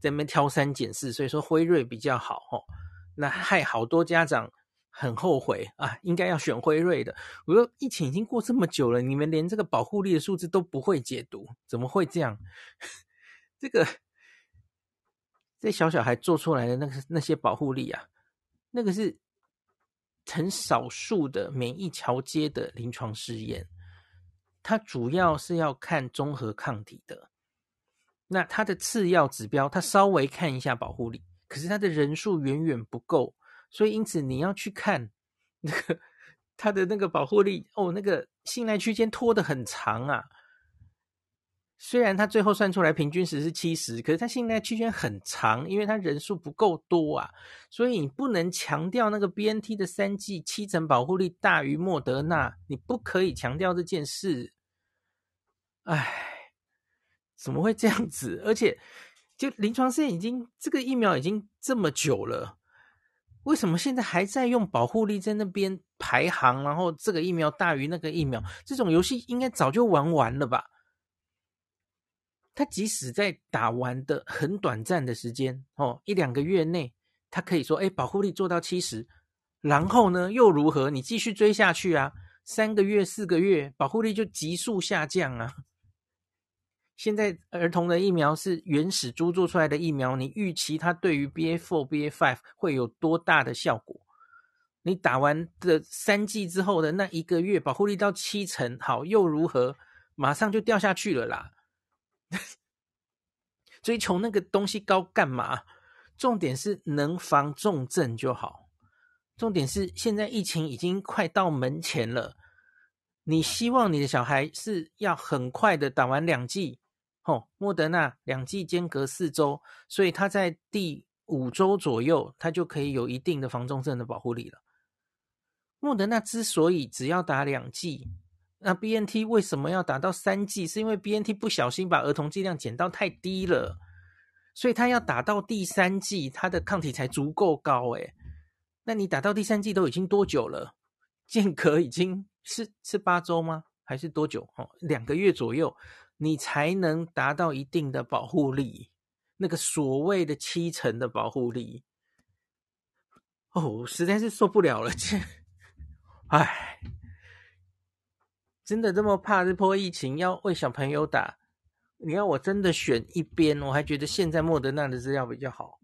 在那邊挑三揀四，所以說輝瑞比較好。哦。那害好多家長很後悔啊，應該要選輝瑞的。我說疫情已經過這麼久了，你們連這個保護力的數字都不會解讀，怎麼會這樣？ 這個。這小小孩做出來的那個那些保護力啊，那個是很少數的免疫橋接的臨床試驗，它主要是要看中和抗體的，那它的次要指標，它稍微看一下保護力，可是它的人數遠遠不夠，所以因此你要去看那個它的那個保護力哦，那個信賴區間拖得很長啊。雖然他最後算出來平均值是七十，可是他現在區間很長，因為他人數不夠多啊，所以你不能強調那個 BNT 的三劑七成保護力大於莫德納，你不可以強調這件事。唉，怎麼會這樣子？而且就臨床試驗已經這個疫苗已經這麼久了，為什麼現在還在用保護力在那邊排行？然後這個疫苗大於那個疫苗，這種遊戲應該早就玩完了吧？他即使在打完的很短暫的時間哦，一兩個月內，他可以說，哎，保護力做到七十，然後呢，又如何？你繼續追下去啊，三個月、四個月，保護力就急速下降啊。現在兒童的疫苗是原始株做出來的疫苗，你預期它對於 BA4、BA5 會有多大的效果？你打完的三劑之後的那一個月，保護力到七成，好，又如何？馬上就掉下去了啦。追求那個東西高幹嘛？重點是能防重症就好。重點是現在疫情已經快到門前了，你希望你的小孩是要很快的打完兩劑，哦，莫德納兩劑間隔四週，所以他在第五週左右，他就可以有一定的防重症的保護力了。莫德納之所以只要打兩劑，那 BNT 為什麼要打到三 g 是因為 BNT 不小心把兒童劑量減到太低了，所以他要打到第三季，他的抗體才足夠高。哎，那你打到第三季都已經多久了？間隔已經是是八週嗎？還是多久？哦，兩個月左右，你才能達到一定的保護力，那個所謂的七成的保護力。哦，實在是受不了了，這，哎。真的這麼怕這波疫情要為小朋友打？你要我真的選一邊，我還覺得現在莫德納的資料比較好。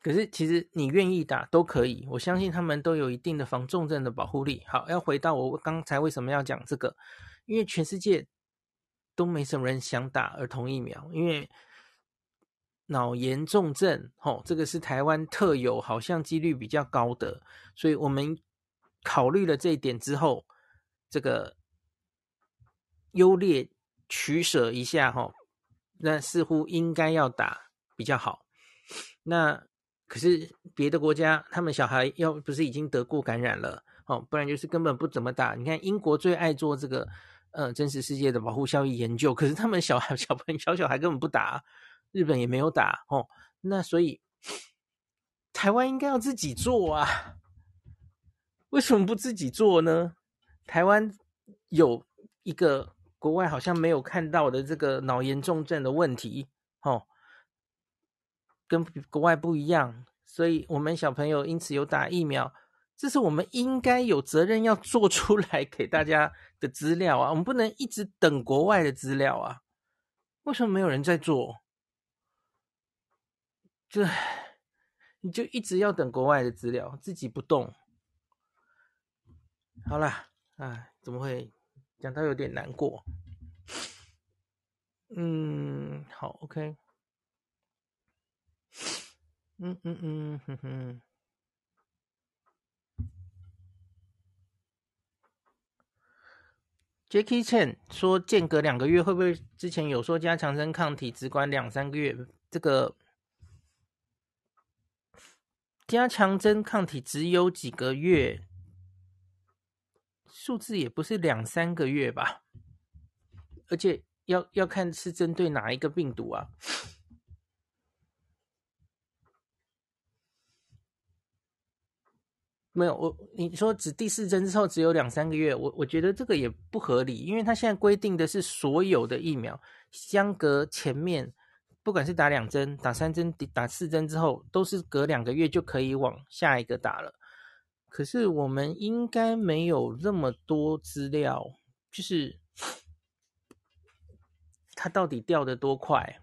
可是其實你願意打都可以，我相信他們都有一定的防重症的保護力。好，要回到我剛才為什麼要講這個？因為全世界都沒什麼人想打兒童疫苗，因為腦炎重症哦，這個是台灣特有，好像幾率比較高的，所以我們考慮了這一點之後。這個優劣取捨一下哈、哦，那似乎應該要打比較好。那可是別的國家，他們小孩要不是已經得過感染了哦，不然就是根本不怎麼打。你看英國最愛做這個，呃，真實世界的保護效益研究，可是他們小孩、小朋友、小小孩根本不打。日本也沒有打哦，那所以台灣應該要自己做啊？為什麼不自己做呢？台灣有一個國外好像沒有看到的這個腦炎重症的問題，哦，跟國外不一樣，所以我們小朋友因此有打疫苗，這是我們應該有責任要做出來給大家的資料啊，我們不能一直等國外的資料啊，為什麼沒有人在做？這，你就一直要等國外的資料，自己不動，好了。哎，怎麼會？講到有點難過。嗯，好，OK。嗯嗯嗯，哼哼。Jackie Chan 說，間隔兩個月會不會？之前有說加強針抗體只管兩三個月，這個加強針抗體只有幾個月。數字也不是兩三個月吧，而且要要看是針對哪一個病毒啊。沒有，我你說只第四針之後只有兩三個月，我我覺得這個也不合理，因為它現在規定的是所有的疫苗相隔前面，不管是打兩針、打三針、打四針之後，都是隔兩個月就可以往下一個打了。可是我們應該沒有那麼多資料，就是它到底掉的多快，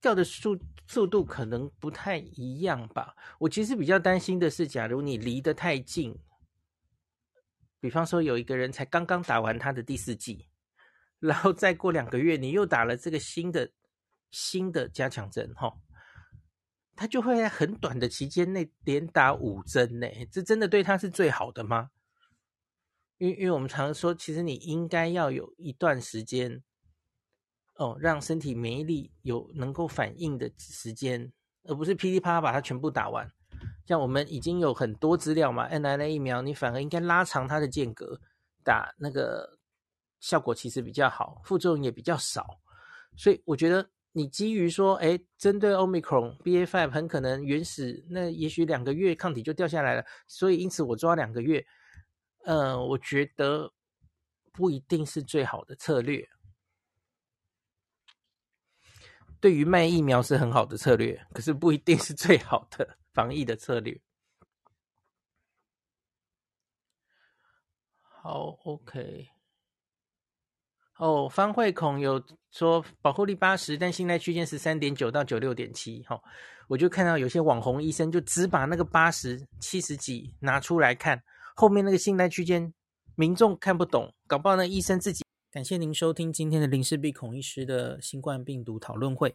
掉的速速度可能不太一樣吧。我其實比較擔心的是，假如你離得太近，比方說有一個人才剛剛打完他的第四劑，然後再過兩個月，你又打了這個新的新的加強針，哈。他就會在很短的期間內連打五針呢，這真的對他是最好的嗎？因為因為我們常說，其實你應該要有一段時間，哦，讓身體免疫力有能夠反應的時間，而不是噼里啪啦把，把它全部打完。像我們已經有很多資料嘛，mRNA 疫苗，你反而應該拉長它的間隔，打那個效果其實比較好，副作用也比較少，所以我覺得。你基於說，哎、欸，針對奧密克戎 BA.5 很可能原始，那也許兩個月抗體就掉下來了，所以因此我抓兩個月，嗯、呃，我覺得不一定是最好的策略。對於賣疫苗是很好的策略，可是不一定是最好的防疫的策略。好，OK。哦，方慧孔有。說保護力八十，但信賴區間十三點九到九六點七，哈，我就看到有些網紅醫生就只把那個八十七十幾拿出來看，後面那個信賴區間民眾看不懂，搞不好那醫生自己。感謝您收聽今天的林氏璧孔醫師的新冠病毒討論會。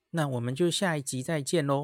那我們就下一集再見嘍。